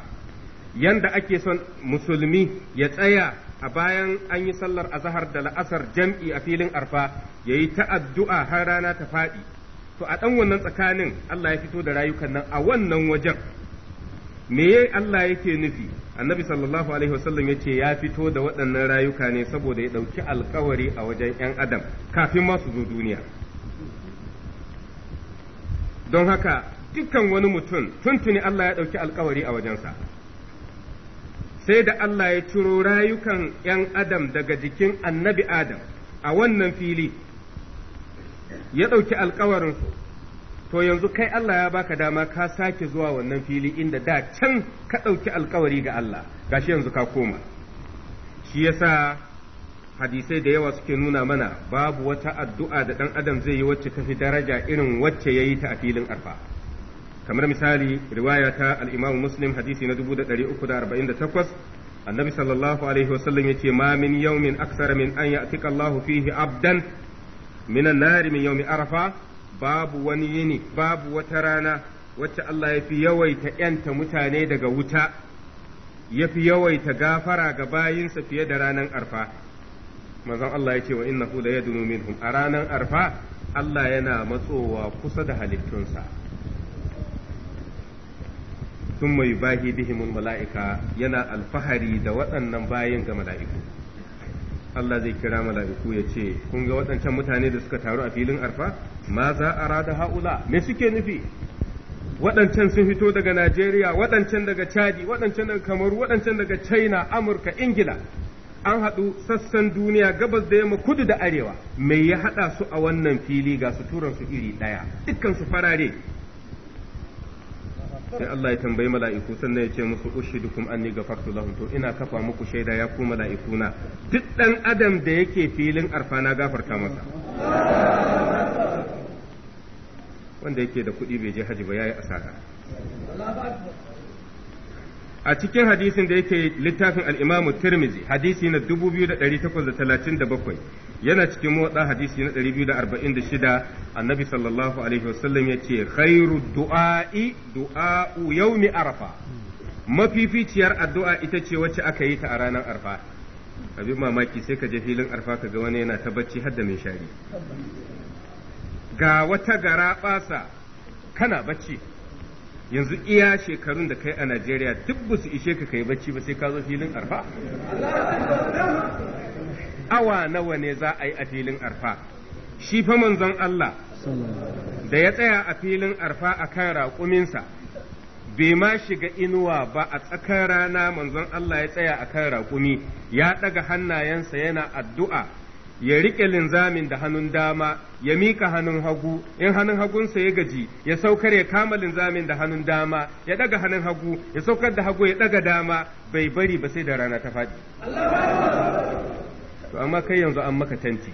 Speaker 1: yanda ake son musulmi ya tsaya a bayan an yi sallar azahar da la'asar jam'i a filin arfa ya yi ta addu'a har rana ta faɗi to a ɗan wannan tsakanin Allah ya fito da rayukan nan a wannan wajen me Allah yake nufi annabi sallallahu alaihi wasallam yace ya fito da waɗannan rayuka ne saboda ya ɗauki alkawari a wajen 'yan adam kafin ma su zo duniya don haka dukkan wani mutum tuntuni Allah ya ɗauki alkawari a wajensa sai da Allah ya ciro rayukan 'yan adam daga jikin annabi adam a wannan fili ya ɗauki alkawarinsu to yanzu kai Allah ya baka dama ka sake zuwa wannan fili inda da can ka ɗauki alkawari ga Allah gashi yanzu ka koma shi yasa hadisai da yawa suke nuna mana babu wata addu'a da ɗan adam zai yi wacce tafi daraja irin wacce ya yi ta a filin arfa kamar misali riwaya ta al'imamu muslim hadisi na 348 annabi sallallahu alaihi wasallam ya ce ma min yaumin aksara min an ya Allahu fihi abdan minan nari min yaumi arafa babu wani yini babu wata rana wacce Allah ya fi yawaita ‘yanta mutane daga wuta, ya fi yawaita gafara ga bayinsa fiye da ranar arfa. Manzon Allah ya ce wa inna la yadunu minhum a ranar arfa Allah yana matsowa kusa da halittunsa. Tun mai bahi bihimul mala'ika yana alfahari da waɗannan bayin ga mala'iku. Allah zai kira mala'iku ya ce kun ga waɗancan mutane da suka taru a filin arfa ma za a rada ha'ula me suke nufi waɗancan sun fito daga Najeriya waɗancan daga Chadi waɗancan daga Kamaru waɗancan daga China Amurka Ingila an haɗu sassan duniya gabas da yamma kudu da arewa me ya haɗa su a wannan fili ga turan su iri ɗaya dukkan su farare sai Allah ya tambayi mala'iku sannan ya ce musu ushidukum anni gafartu lahum to ina kafa muku shaida ya ku mala'ikuna duk dan adam da yake filin arfa na gafarta masa wanda yake da kuɗi bai je haji ba yayi asara a cikin hadisin da yake littafin al'imamu tirmizi hadisi na 2837 yana cikin motsa hadisi na 246 annabi sallallahu alaihi wasallam ya ce khairu du'a'i du'a'u yawmi arafa mafificiyar addu'a ita ce wacce aka yi ta a ranar arfa abin mamaki sai ka je filin arfa ka ga wani yana ta bacci har da mai shari ga wata gara basa kana bacci yanzu iya shekarun da kai a Najeriya duk ba su ishe ka kai bacci ba sai ka zo filin arfa awa nawa ne za a yi a filin arfa shi fa manzon Allah da ya tsaya a filin arfa a kan raƙuminsa bai ma shiga inuwa ba a tsakar rana manzon Allah ya tsaya a kan raƙumi ya ɗaga hannayensa yana addu'a ya riƙe linzamin da hannun dama ya mika hannun hagu in hannun hagunsa ya gaji ya saukar ya kama linzamin da hannun dama ya ɗaga hannun hagu ya saukar da hagu ya ɗaga dama bai bari ba sai da rana ta faɗi to amma kai yanzu an maka tanti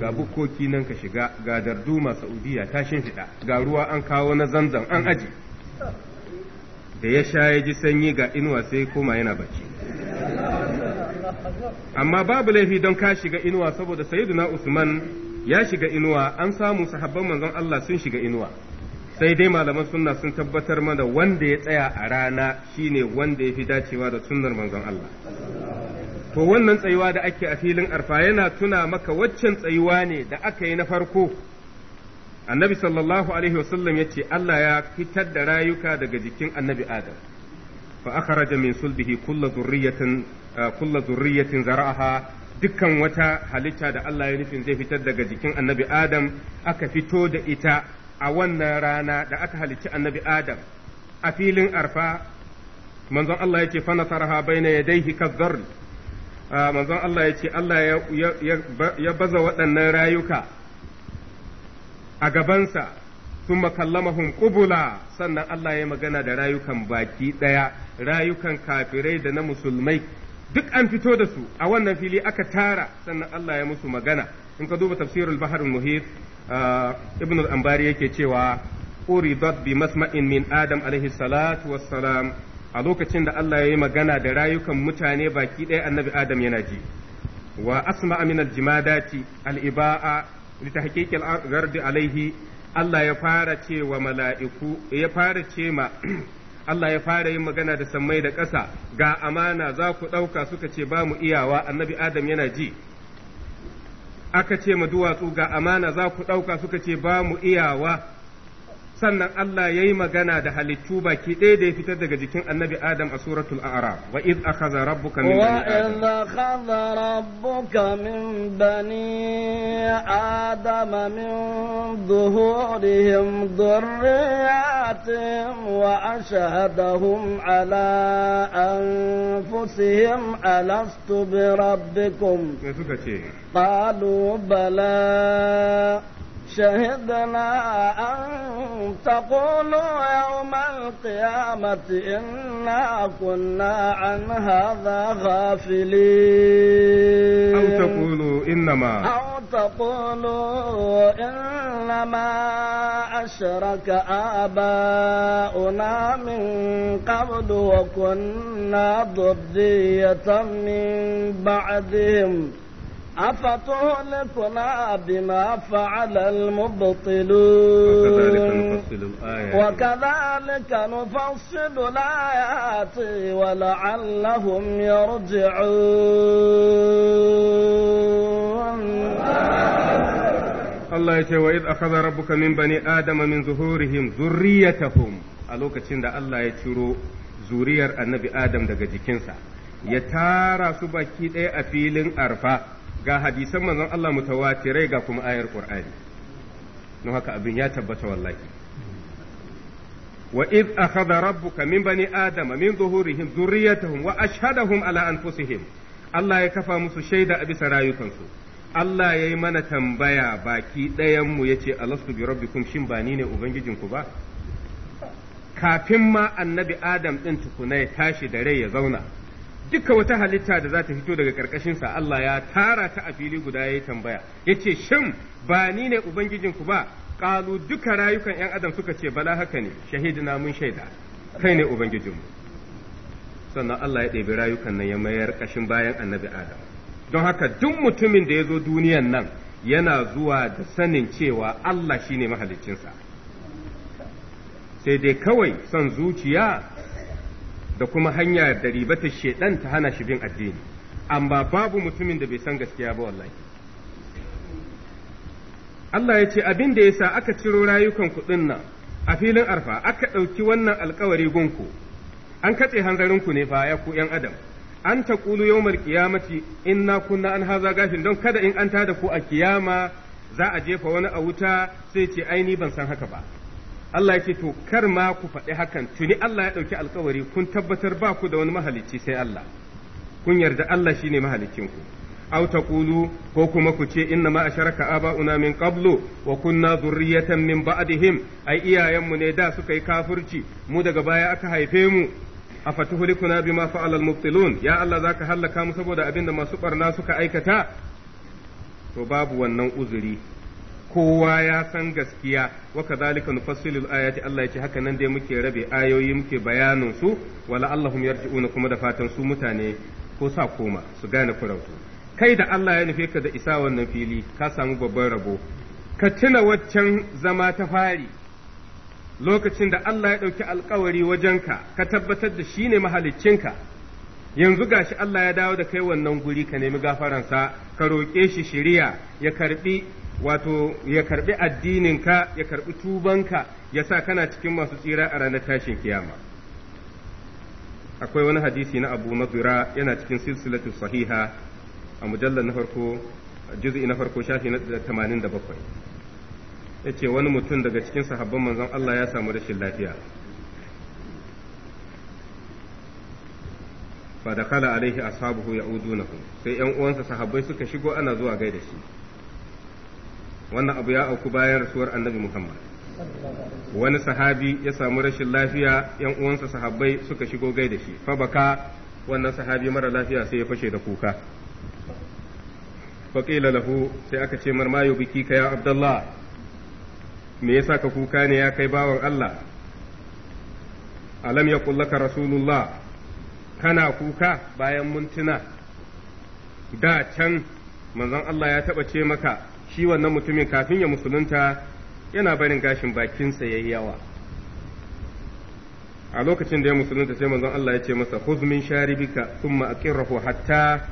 Speaker 1: ga bukkoki nan ka shiga ga darduma saudiya ta fiɗa ga ruwa an kawo na zanzan an aji da ya sha ya ji sanyi ga inuwa sai koma yana bacci amma babu laifi don ka shiga inuwa saboda sayyiduna usman ya shiga inuwa an samu sahabban manzon Allah sun shiga inuwa sai dai malaman sunna sun tabbatar mana wanda ya tsaya a rana shine wanda ya fi dacewa da sunnar manzon Allah to wannan tsayuwa da ake a filin arfa yana tuna maka waccan tsayuwa ne da aka yi na farko annabi sallallahu alaihi wasallam ya ce Allah ya fitar da rayuka daga jikin annabi adam fa akhraja min sulbihi kullu dhurriyatin kulla zurriyatin zara'aha dukkan wata halitta da Allah ya nufin zai fitar daga jikin annabi Adam aka fito da ita a wannan rana da aka halicci annabi Adam a filin arfa manzon Allah ya ce fanasarha baina yadayhi kazzar manzon Allah ya ce Allah ya baza waɗannan rayuka a gabansa sun makallamahun ƙubula sannan Allah ya magana da rayukan baki ɗaya rayukan kafirai da na musulmai duk an fito da su a wannan fili aka tara sannan Allah ya musu magana in ka duba tafsirul baharul muhit ah, ibn al-anbari yake cewa uridat bi masma'in min adam alaihi salatu wassalam a lokacin da Allah ya yi magana da rayukan mutane baki ɗaya annabi adam yana ji wa asma min al-jimadati al-iba'a li tahqiq al-gard alaihi Allah ya fara cewa mala'iku ya fara ce ma Allah ya fara yin magana da sammai da ƙasa ga amana za ku ɗauka suka ce ba mu iyawa annabi Adam yana ji aka ce ma duwatsu ga amana za ku ɗauka suka ce ba mu iyawa sannan Allah ya yi magana da halittu baki ɗaya da ya fitar daga jikin annabi Adam a suratul a'raf wa iz akhadha rabbuka min bani Adam wa
Speaker 2: iz akhadha rabbuka min bani Adam min zuhurihim dhurriyyatihim wa ashhadahum ala anfusihim alastu bi rabbikum me suka ce qalu bala شهدنا أن تقولوا يوم القيامة إنا كنا عن هذا غافلين أو تقولوا
Speaker 1: إنما أو
Speaker 2: تقولوا إنما أشرك آباؤنا من قبل وكنا ضدية من بعدهم أفتهلكنا بما فعل المبطلون وكذلك نفصل الآيات ولعلهم
Speaker 1: يرجعون Allah ya ce wa iz akhadha rabbuka min bani adama min zuhurihim zurriyatahum a lokacin da Allah ya ciro zuriyar annabi Adam daga jikinsa ya tara su baki ɗaya a filin arfa ga hadisan manzon Allah mu rai ga kuma ayar Qur'ani don haka abin ya tabbata wallahi wa id akhadha rabbuka min bani adama min zuhurihim dhurriyyatahum wa ashhadahum ala anfusihim Allah ya kafa musu shaida a bisa rayukansu Allah ya yi mana tambaya baki ɗayanmu ya ce alastu bi rabbikum shin ba ni ne ubangijin ku ba kafin ma annabi adam ɗin tukuna ya tashi da rai ya zauna duka wata halitta da za ta fito daga ƙarƙashinsa Allah ya tara ta a fili guda ya yi tambaya ya ce shin ba ni ne ubangijinku ba ƙalu duka rayukan 'yan adam suka ce bala haka ne shahidina mun shaida kai ne ubangijinmu sannan Allah ya ɗebi rayukan nan ya mayar ƙashin bayan annabi adam don haka duk mutumin da ya zo duniyan nan yana zuwa da sanin cewa Allah shine mahaliccinsa sai dai kawai son zuciya da kuma hanya da ribata shedan ta hana shi bin addini amma babu mutumin da bai san gaskiya ba wallahi Allah ya ce abin da yasa aka ciro rayukan kuɗin nan a filin arfa aka ɗauki wannan alkawari gunku an katse hanzarinku ne fa ya ku ‘yan adam an ta kulu yawmar kiyamati in kunna an haza gashin don kada in an tada ku a kiyama za a jefa wani a wuta sai ce aini ban san haka ba Allah ya ce to kar ma ku faɗi hakan tuni Allah ya ɗauki alkawari kun tabbatar ba ku da wani mahalicci sai Allah kun yarda Allah shine mahalicin ku aw taqulu ko kuma ku ce inna ma asharaka aba'una min qablu wa kunna zurriyatan min ba'dihim ai iyayenmu ne da suka yi kafirci mu daga baya aka haife mu afatuhlikuna bima fa'ala al-mubtilun ya Allah zaka halaka mu saboda abinda masu barna suka aikata to babu wannan uzuri kowa ya san gaskiya wa kadhalika nufassilu ayati Allah yace haka nan dai muke rabe ayoyi muke bayanin su wala allahum yarji'una kuma da fatan su mutane ko sa koma su gane farautu. kai da Allah ya nufe ka da isa wannan fili ka samu babban rabo ka tuna waccan zama ta fari lokacin da Allah ya ɗauki alkawari wajenka ka tabbatar da shine ne mahaliccinka yanzu ga shi Allah ya dawo da kai wannan guri ka nemi gafaransa ka roƙe shi shiriya ya karbi wato ya karbi addininka ya karbi tubanka ya sa kana cikin masu tsira a ranar tashin kiyama akwai wani hadisi na Abu Nadira yana cikin silsilatu sahiha a mujallar na farko juz'i na farko shafi na 87 yace wani mutum daga cikin sahabban manzon Allah ya samu rashin lafiya fa da kala alaihi ashabuhu ya'udunahu sai yan uwansa sahabbai suka shigo ana zuwa gaida shi wannan abu ya auku bayan rasuwar annabi muhammad wani sahabi ya samu rashin lafiya yan uwansa sahabbai suka shigo gaida shi fa baka wannan sahabi mara lafiya sai ya fashe da kuka faƙila lahu sai aka ce mar biki ka ya abdullah me yasa ka kuka ne ya kai bawan allah alam ya kullaka rasulullah kana kuka bayan mun da can manzon Allah ya taɓa ce maka shi wannan mutumin kafin ya musulunta yana barin gashin bakinsa yayi yawa a lokacin da ya musulunta sai manzon Allah ya ce masa khuz min sharibika thumma aqirrahu hatta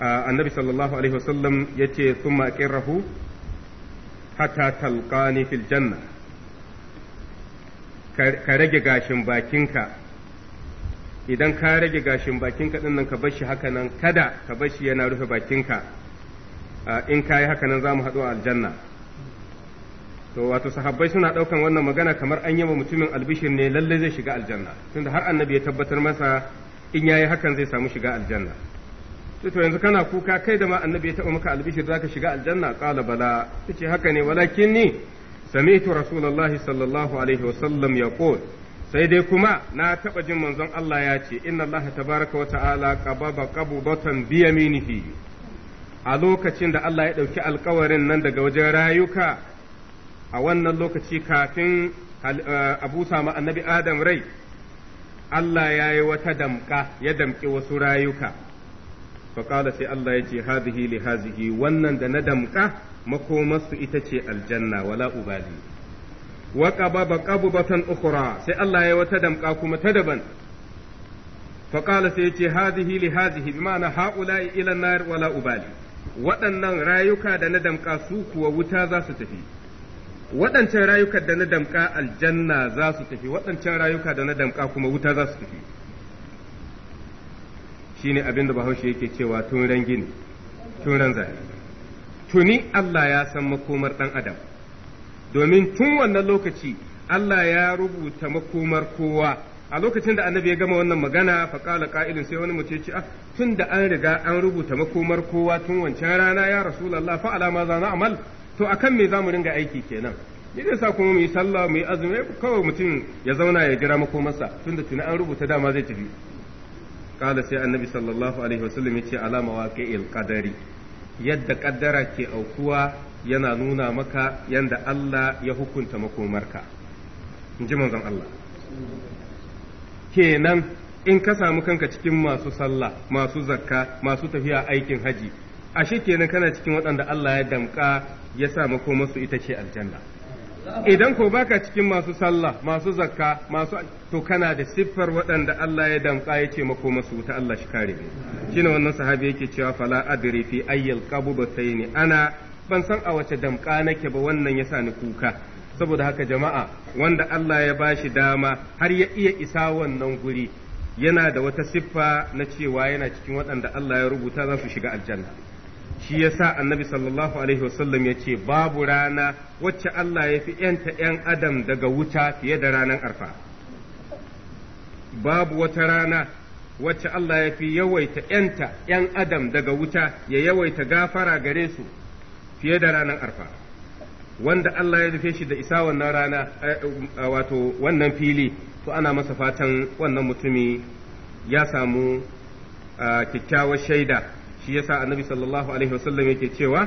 Speaker 1: annabi sallallahu alaihi wasallam yace thumma aqirrahu hatta talqani fil janna ka rage gashin bakinka idan ka rage gashin bakinka ɗin nan ka bar shi haka nan kada ka bar shi yana rufe bakinka ah, in ka yi haka nan za mu haɗu a aljanna to wato sahabbai suna ɗaukan wannan magana kamar an yi wa mutumin albishir ne lallai zai shiga aljanna tunda har annabi ya tabbatar masa in yayi hakan zai samu shiga aljanna to yanzu kana kuka kai da ma annabi ya taɓa maka albishir zaka shiga aljanna qala bala tace haka ne walakin ni سمعت رسول الله صلى الله عليه وسلم يقول sai dai kuma na taɓa jin manzon Allah ya ce inallah Allah tabaraka wa ta'ala qababa qabatan bi yaminihi a lokacin da Allah ya ɗauki alkawarin nan daga wajen rayuka a wannan lokaci kafin eh, a busa sama annabi Adam rai Allah ya yi wata damƙa ya damƙi wasu rayuka faƙala sai Allah ya ce hazihi li hazihi wannan da na damƙa makomarsu ita ce aljanna wala ubali wa qababa qabatan ukhra sai Allah ya wata damka kuma ta daban fa qala sai yace hadhihi li hadhihi bi ma'ana haula'i ila nar wala ubali waɗannan rayuka da na damka su kuwa wuta za su tafi waɗancan rayuka da na damka aljanna za su tafi waɗancan rayuka da na damka kuma wuta za su tafi shine abinda bahaushe yake cewa tun ran tun ran zai tuni Allah ya san makomar ɗan adam domin tun wannan lokaci Allah ya rubuta makomar kowa a lokacin da annabi ya gama wannan magana fa qala sai wani mutum ya ce ah tun da an riga an rubuta makomar kowa tun wancan rana ya rasulullah fa alama za na amal to akan me zamu ringa aiki kenan ni zai sa kuma mu yi sallah mu yi azumi kawai mutum ya zauna ya jira makomarsa da tuni an rubuta dama zai tafi kala sai annabi sallallahu alaihi wasallam ya ce alama waqi'il qadari yadda kaddara ke aukuwa yana nuna maka yadda Allah ya hukunta makomarka in ji manzon Allah kenan in ka samu kanka cikin masu sallah masu zakka masu tafiya aikin haji ashe kenan kana cikin waɗanda Allah ya damƙa ya sa makomarsu ita ce aljanna idan ko baka cikin masu sallah masu zakka masu to kana da siffar waɗanda Allah ya damƙa ya ce mako masu wuta Allah shi kare ne shine wannan sahabi yake cewa fala adri fi ayyil ne, ana ban san a wace damka nake ba wannan yasa ni kuka saboda haka jama'a wanda Allah ya bashi dama har ya iya isa wannan guri yana da wata siffa na cewa yana cikin waɗanda Allah ya rubuta za su shiga aljanna shi ya sa annabi sallallahu alaihi wasallam ya ce babu rana wacce Allah ya fi ‘yanta ‘yan adam daga wuta fiye da ranar arfa babu wata rana wacce Allah ya fi yawaita ‘yanta ‘yan adam daga wuta ya yawaita gafara gare su fiye da ranar arfa wanda Allah ya rufe shi da isa wannan rana eh, eh, wato wannan fili to ana masa fatan wannan mutumi ya samu ah, kyakkyawar shaida shi yasa annabi sallallahu alaihi wasallam yake cewa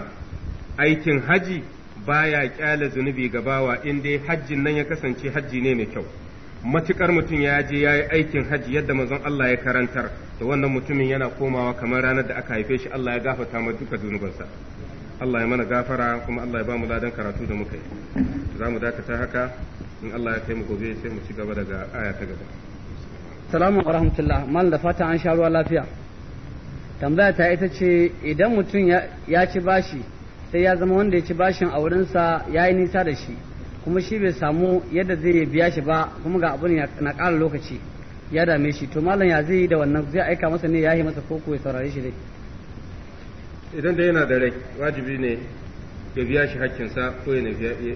Speaker 1: aikin haji baya kyale zunubi ga bawa in dai hajjin nan ya kasance hajji ne mai kyau matukar mutum ya je ya yi aikin haji yadda manzon Allah ya karantar da wannan mutumin yana komawa kamar ranar da aka haife shi Allah ya gafarta mu duka zunubansa Allah ya mana gafara kuma Allah ya ba mu ladan karatu da muka yi za mu dakata haka in Allah ya kai mu gobe sai mu ci gaba daga aya ta gaba
Speaker 3: salamu wa rahmatullah mal da fata an sha ruwa lafiya tambaya ta ita ce idan mutum ya ci bashi sai ya zama wanda ya ci bashin a wurinsa ya yi nisa da shi kuma shi bai samu yadda zai biya shi ba kuma ga abin na ƙara lokaci ya dame shi to malam ya zai yi da wannan zai aika masa ne ya yi masa koko ya saurare shi dai
Speaker 1: idan da yana da rai wajibi ne ya biya shi hakkinsa ko ya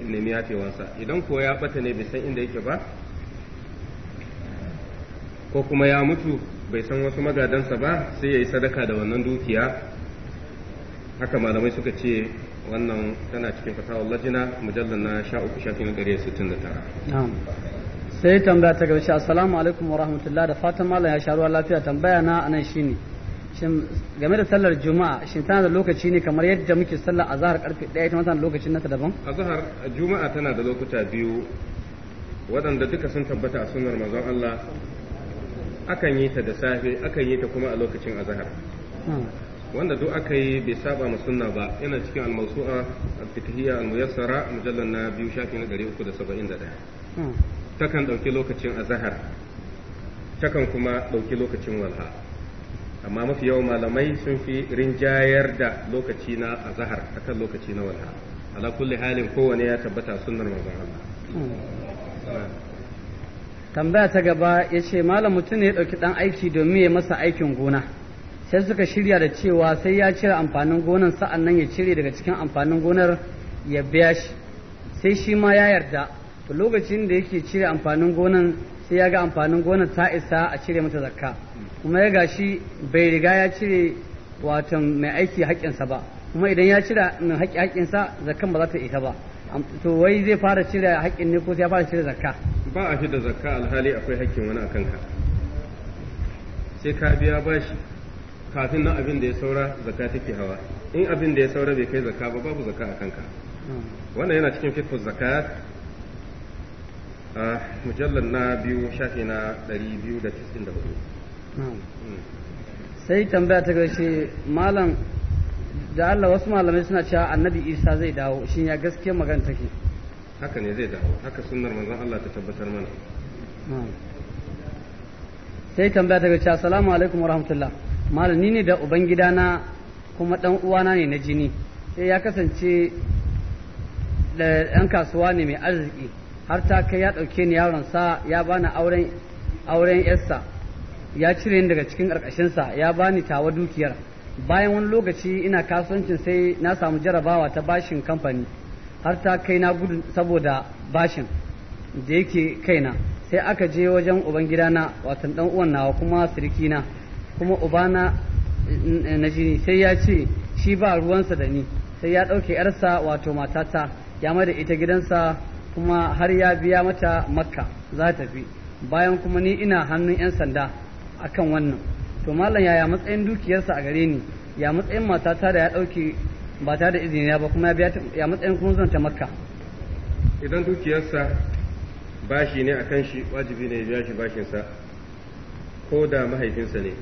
Speaker 1: nemi yafewansa idan ko ya bata ne bai san inda yake ba ko kuma ya mutu bai san wasu magadansa ba sai ya yi sadaka da wannan dukiya haka malamai suka ce wannan tana cikin fasahar lajina mujallar na sha uku shafi na gare sittin da tara.
Speaker 3: sai tambaya ta gaba assalamu alaikum wa rahmatullah da fatan malam ya sha ruwa lafiya tambaya na anan shi ne. game da sallar juma'a shin tana da lokaci ne kamar yadda muke sallar azahar karfe daya ita ma lokacin nata daban
Speaker 1: Azahar juma'a tana da lokuta biyu waɗanda duka sun tabbata a sunnar mazan Allah akan yi ta da safe akan yi ta kuma a lokacin azhar hmm. wanda duk aka yi bai saba ma sunna ba yana cikin al-mawsu'a al-fiqhiyya al-muyassara mujallal na biyu shafi na 371 hmm. takan dauki lokacin azhar takan kuma dauki lokacin walha amma mafi yawan malamai sun fi rinjayar da lokaci na azhar akan lokaci na walha ala kulli halin kowane ya tabbata sunnar manzon Allah
Speaker 4: hmm.
Speaker 3: tambaya ta gaba ya ce malam mutum ne ya ɗauki ɗan aiki domin ya masa aikin gona sai suka shirya da cewa sai ya cire amfanin gonar sa'an nan ya cire daga cikin amfanin gonar ya biya shi sai shi ma ya yarda to lokacin da yake cire amfanin gonar sai ya ga amfanin gonar ta isa a cire mata zakka kuma ya gashi bai riga ya cire watan mai aiki haƙƙinsa ba kuma idan ya cire mai haƙƙi haƙƙinsa zakkan ba za ta isa ba to wai zai fara cire haƙƙin ne ko sai ya fara cire zakka
Speaker 1: ba a da zakka alhali akwai hakkin wani akan ka sai ka biya bashi kafin nan abin da ya saura zakka take hawa in abin da ya saura bai kai zakka ba babu zakka akan ka wannan yana cikin fiqh zakat a ah, mujallar na biyu shafi na 294
Speaker 4: hmm.
Speaker 3: sai tambaya ta gaishe malam da Allah wasu malamai suna cewa annabi Isa zai dawo shin ya gaskiyar magana take
Speaker 1: haka ne zai dawo haka sunnar manzon Allah ta tabbatar mana
Speaker 3: sai tambaya daga cewa assalamu alaikum warahmatullah malam ni ne da ubangida na kuma dan uwana ne na jini sai eh, ya kasance da ɗan kasuwa ne mai arziki har ta kai ya ɗauke ni yaron sa ya bani auren auren yarsa ya cire ni daga cikin ƙarƙashinsa ya bani tawa dukiyar bayan wani lokaci ina kasuwancin sai na samu jarabawa ta bashin kamfani har ta kai na gudu saboda bashin da yake kai na, sai aka je wajen uban gidana watan dan uwan nawa kuma sirki na kuma ubana eh, na jini sai ya ce shi ba ruwansa da ni sai ya ɗauke yarsa wato matata ya mada ita gidansa kuma har ya biya mata makka za ta fi bayan kuma ni ina hannun 'yan sanda akan wannan to malam yaya matsayin dukiyarsa a gare ni ya matsayin matata da ya ɗauke ba tare da izini ba kuma ya biya kuma matsayin ta makka
Speaker 1: idan dukiyarsa bashi ne a kan shi wajibi ne ya biya shi bashinsa ko da mahaifinsa ne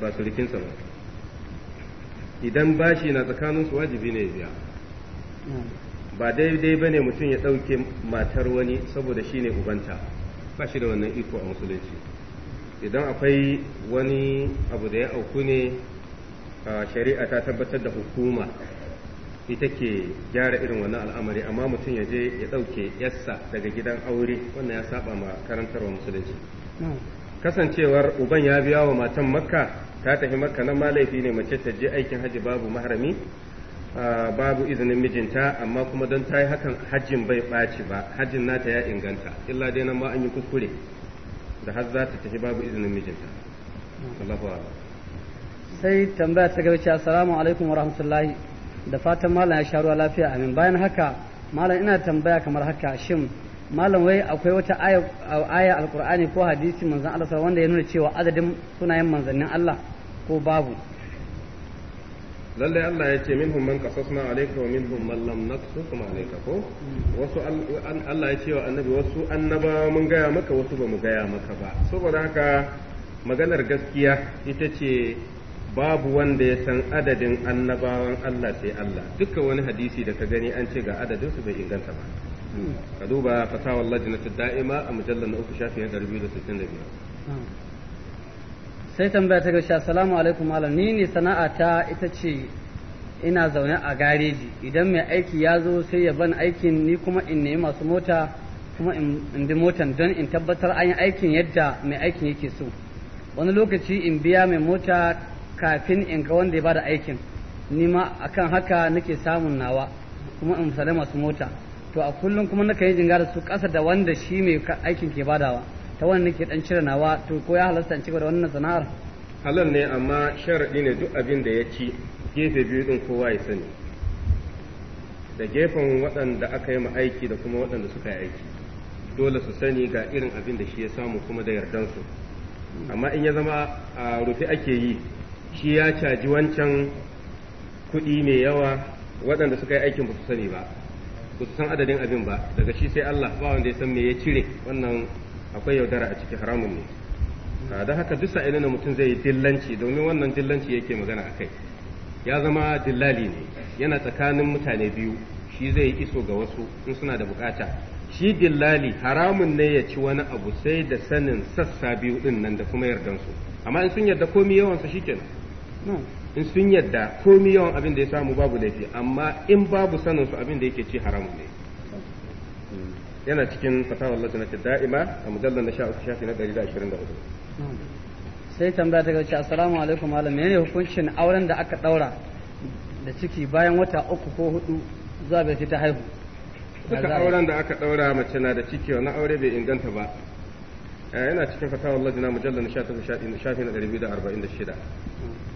Speaker 1: ba surukinsa ba idan bashi na tsakaninsu wajibi ne ya biya ba daidai ba ne mutum ya ɗauke matar wani saboda shi ne ubanta ba shi da wannan iko a musulunci idan akwai wani abu da ya auku ne shari'a ta tabbatar da hukuma ita ke gyara irin wannan al'amari amma mutum ya je ya ɗauke yassa daga gidan aure wannan ya saba ma karantarwa musulunci kasancewar uban ya biya wa matan makka ta tafi makka nan ma laifi ne mace ta je aikin haji babu maharami babu izinin mijinta amma kuma don ta yi hakan hajjin bai ɓaci ba hajjin nata ya inganta illa dai nan ma an yi kuskure da har za ta tafi babu izinin mijinta Allahu
Speaker 3: sai tambaya ta gaba cewa assalamu alaikum wa rahmatullahi da fatan malam ya sharuwa lafiya amin bayan haka malam ina tambaya kamar haka shin malam wai akwai wata aya aya alqur'ani ko hadisi manzon Allah wanda ya nuna cewa adadin sunayen manzannin Allah ko babu
Speaker 1: lallai Allah ya ce minhum man qasasna alayka wa minhum man lam naqsus alayka ko wasu Allah ya ce wa annabi wasu annaba mun gaya maka wasu ba mu gaya maka ba saboda haka maganar gaskiya ita ce babu wanda ya san adadin annabawan Allah sai Allah duka wani hadisi da ka gani an ce ga adadin su bai inganta ba ka duba fatawar ta da'ima a mujallar na uku shafi biyar.
Speaker 3: sai tambaya ta gashi assalamu alaikum malam ni ne sana'ata ita ce ina zaune a gareji idan mai aiki ya zo sai ya ban aikin ni kuma in nemi masu mota kuma in bi motan don in tabbatar an yi aikin yadda mai aikin yake so wani lokaci in biya mai mota kafin in ga wanda ya bada aikin ni ma akan haka nake samun nawa kuma in sale masu mota to a kullum kuma nake yi jinga da su kasa da wanda shi mai aikin ke badawa ta wanda nake dan cire nawa to ko ya halasta in cigaba da wannan sana'ar
Speaker 1: halal ne amma sharadi ne duk abin da ya ci gefe biyu din kowa ya sani da gefen waɗanda aka yi ma aiki da kuma waɗanda suka yi aiki dole su sani ga irin abin da shi ya samu kuma da yardansu amma in ya zama a rufe ake yi shi ya caji wancan kuɗi mai yawa waɗanda suka yi aikin ba su sani ba ba su san adadin abin ba daga shi sai Allah ba wanda ya san me ya cire wannan akwai yaudara a ciki haramun ne ah, da haka duk sa'ilin na mutum zai yi dillanci domin wannan dillanci yake magana akai ya zama dillali ne yana tsakanin mutane biyu shi zai yi iso ga wasu in suna da bukata shi dillali haramun ne ya ci wani abu sai da sanin sassa biyu din nan da kuma yardansu amma in sun yarda komi yawansa shikenan in sun yadda komi yawan abin da ya samu babu laifi amma in babu sanin su abin da yake ci haramu ne yana cikin fatawar lati na da'ima a mujallar na shafi na da da ashirin hudu.
Speaker 3: sai tambaya ta gaci assalamu alaikum malam menene hukuncin auren da aka daura da ciki bayan wata uku ko hudu zuwa bai ta haihu duka auren
Speaker 1: da aka daura mace na da ciki wani aure bai inganta ba eh, yana cikin fatawar na mujallar na shafi na da da arba'in shida.